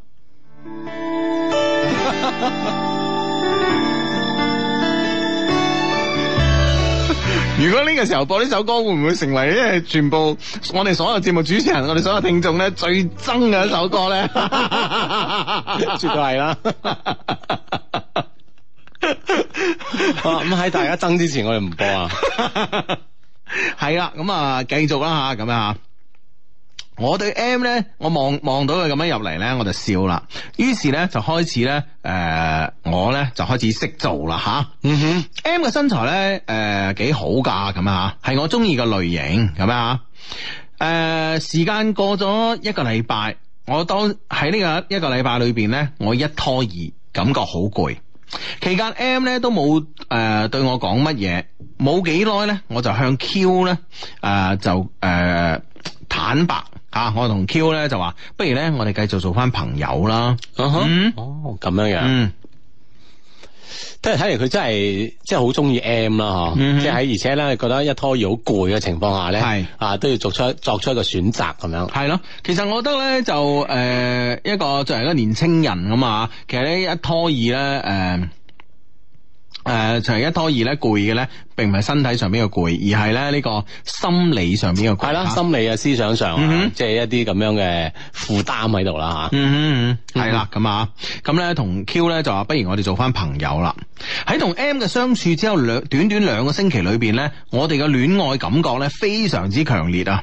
如果呢個時候播呢首歌，會唔會成為呢？全部我哋所有節目主持人，我哋所有聽眾咧最憎
嘅一首歌咧？ 絕對係是啦。
咁 喺 大家爭之前，我哋唔播 啊。係啦，咁啊，繼續啦吓，咁樣吓。我對 M 咧，我望望到佢咁樣入嚟咧，我就笑啦。於是咧就開始咧，誒、呃，我咧就開始識做啦吓。嗯哼、mm hmm.，M 嘅身材咧，誒、呃，幾好噶咁啊，係我中意嘅類型咁啊。誒、呃，時間過咗一個禮拜，我當喺呢個一個禮拜裏邊咧，我一拖二，感覺好攰。期間 M 咧都冇誒、呃、對我講乜嘢，冇幾耐咧，我就向 Q 咧，誒、呃，就誒、呃、坦白。吓、啊，我同 Q 咧就話，不如咧我哋繼續做翻朋友啦。嗯哼，哦，咁樣樣。嗯、mm，睇嚟睇嚟佢真係即係好中意 M 啦，吓，即係喺而且咧覺得一拖二好攰嘅情況下咧，係啊都要做出作出一個選擇咁樣。係咯，其實我覺得咧就誒一個作為一個年青人咁啊，其實咧一拖二咧誒。呃誒，就、呃、一拖二咧，攰嘅咧，並唔係身體上邊嘅攰，而係咧呢、這個心理上邊嘅攰。係啦、嗯哼，心理啊，思想上、啊嗯、哼即係一啲咁樣嘅負擔喺度啦，吓、嗯，
嗯哼，係啦，
咁啊，咁咧同 Q 咧就話，不如我哋做翻朋友啦。喺同 M 嘅相處之後兩短短兩個星期裏邊咧，我哋嘅戀愛感覺咧非常之強烈啊。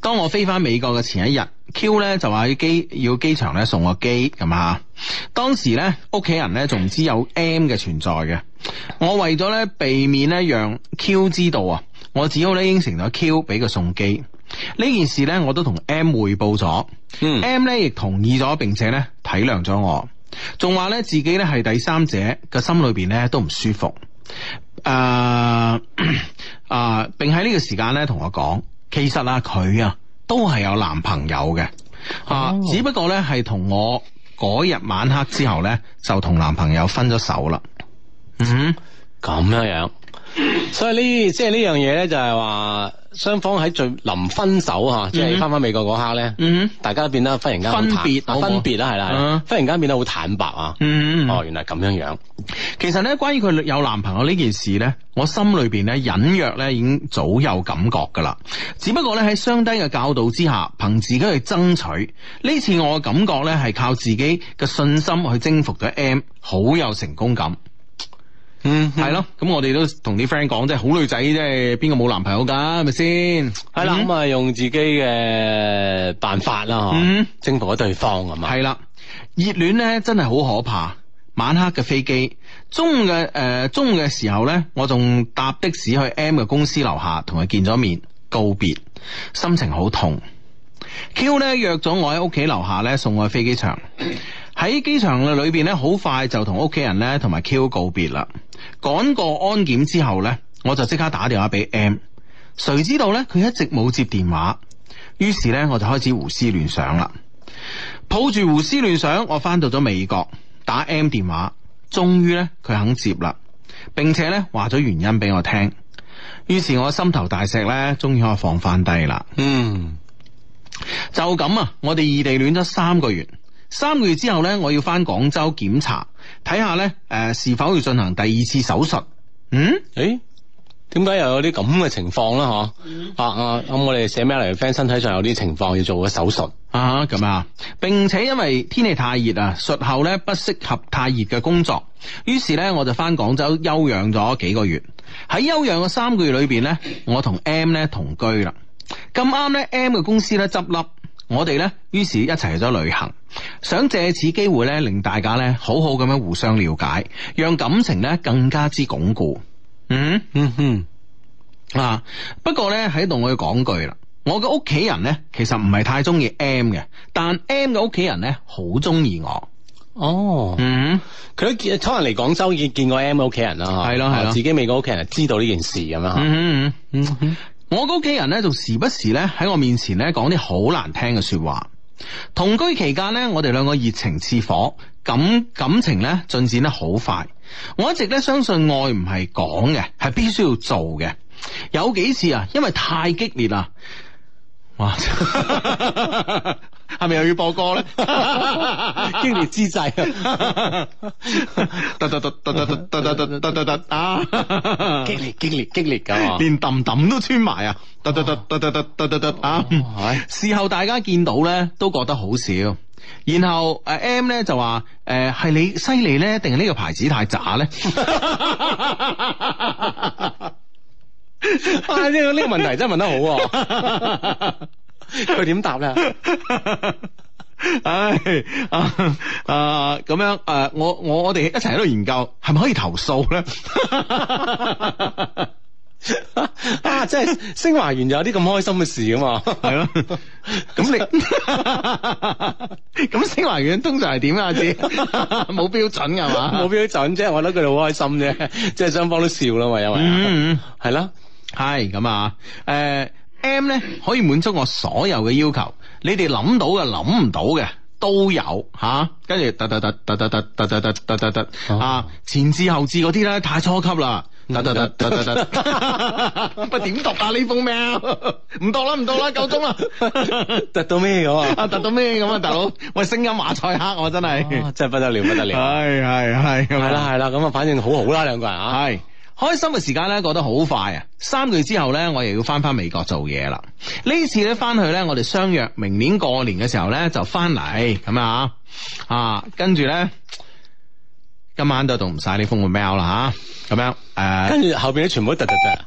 當我飛翻美國嘅前一日，Q 咧就話喺機要機場咧送個機咁啊。當時咧屋企人咧仲唔知有 M 嘅存在嘅。我為咗咧避免咧讓 Q 知道啊，我只好咧應承咗 Q 俾佢送機。呢件事咧，我都同 M 匯報咗。嗯、M 咧亦同意咗，並且咧體諒咗我，仲話咧自己咧係第三者嘅心裏邊咧都唔舒服誒誒、呃呃，並喺呢個時間咧同我講，其實啊佢啊都係有男朋友嘅啊，哦、只不過咧係同我嗰日晚黑之後咧就同男朋友分咗手啦。嗯，咁樣、mm hmm. 樣，所以呢，即係呢樣嘢咧，就係話雙方喺最臨分手吓，mm hmm. 即係翻返美國嗰刻呢，嗯、mm，hmm. 大家都變得忽然間分別分別啦，係啦，忽然間變得好坦白啊，嗯、mm，hmm. 哦，原來咁樣樣。其實呢，關於佢有男朋友呢件事呢，我心裏邊呢隱約呢已經早有感覺噶啦。只不過呢，喺雙低嘅教導之下，憑自己去爭取呢次，我嘅感覺呢，係靠自己嘅信心去征服咗 M，好有成功感，M，成功感，感。 嗯哼，係咯，咁我哋都同啲 friend 講，即係好女仔，即係邊個冇男朋友噶，係咪先？係啦，咁啊用自己嘅辦法啦，吓、嗯，征服咗對方啊嘛。係啦，熱戀咧真係好可怕。晚黑嘅飛機，中午嘅、誒，中午嘅時候咧，我仲搭的士去 M 嘅公司樓下，同佢見咗面，告別，心情好痛。Q 咧約咗我喺屋企樓下咧，送我去飛機場。喺機 場嘅裏邊咧，好快就同屋企人咧，同埋 Q 告別啦。趕過安檢之後咧，我就即刻打電話俾 M。誰知道咧，佢一直冇接電話。於是咧，我就開始胡思亂想啦。抱住胡思亂想，我翻到咗美國打 M 電話，終於咧佢肯接啦，並且咧話咗原因俾我聽。於是我心頭大石咧，終於可以放翻低啦。嗯。就咁啊！我哋異地戀咗三個月，三個月之後呢，我要翻廣州檢查，睇下呢誒，是否要進行第二次手術？嗯？誒、欸，點解又有啲咁嘅情況啦？吓啊啊！咁、啊、我哋寫咩嚟？friend 身體上有啲情況要做個手術啊，吓咁啊，並且因為天氣太熱啊，術後呢，不適合太熱嘅工作，於是呢，我就翻廣州休養咗幾個月。喺休養嘅三個月裏邊呢，我同 M 呢同居啦。咁啱咧，M 嘅公司咧執笠，我哋咧，於是一齊去咗旅行，想借此機會咧，令大家咧好好咁樣互相了解，讓感情咧更加之鞏固。嗯嗯哼，啊，不過咧喺度我要講句啦，我嘅屋企人咧其實唔係太中意 M 嘅，但 M 嘅屋企人咧好中意我。哦，嗯，佢都見可能嚟廣州見見過 M 屋企人啦，係咯係自己美國屋企人知道呢件事咁樣。嗯嗯嗯嗯哼。我屋企人咧，就時不時咧喺我面前咧講啲好難聽嘅說話。同居期間咧，我哋兩個熱情似火，感感情咧進展得好快。我一直咧相信愛唔係講嘅，係必須要做嘅。有幾次啊，因為太激烈啦。哇 係咪又要播歌咧？激烈之際，突突突突突突突突突突啊！激烈激烈激烈噶，連揼揼都穿埋啊！突突突突突突突突突啊！事後大家見到咧，都覺得好笑。然後誒 M 咧就話：誒、呃、係你犀利咧，定係呢個牌子太渣
咧？呢個呢個
問題真係問得好、啊。 佢點答啦？唉，啊咁樣，誒，我我我哋一齊喺度研究，係咪可以投訴咧？
啊，即係
升華完就有啲咁開心嘅事噶嘛，係咯。咁你咁升華完通常係點啊？子冇標準噶嘛？冇標準，即係我覺得佢哋好開心啫，即係雙方都笑啦嘛，因為係啦，係咁啊，誒。M 咧可以滿足我所有嘅要求，你哋諗到嘅諗唔到嘅都有吓，跟住得得得得得得得，突突突啊前置後置嗰啲咧太初級，嗯喔、啦，突得得得得得，係點讀啊呢封咩？唔讀啦唔讀啦夠鐘啦，得到咩咁啊？突到咩咁啊？大佬喂聲音馬賽克我真係，真係不得了不得了，係係
係係啦係
啦咁啊，反正好好啦兩個人啊係。開心嘅時間咧過得好快啊！三個月之後咧，我又要翻翻美國做嘢啦。呢次咧翻去咧，我哋相約明年過年嘅時候咧就翻嚟咁啊！啊，跟住咧今晚都讀唔晒啲風和喵啦吓，咁樣誒，呃、跟住後邊咧全部都得得得。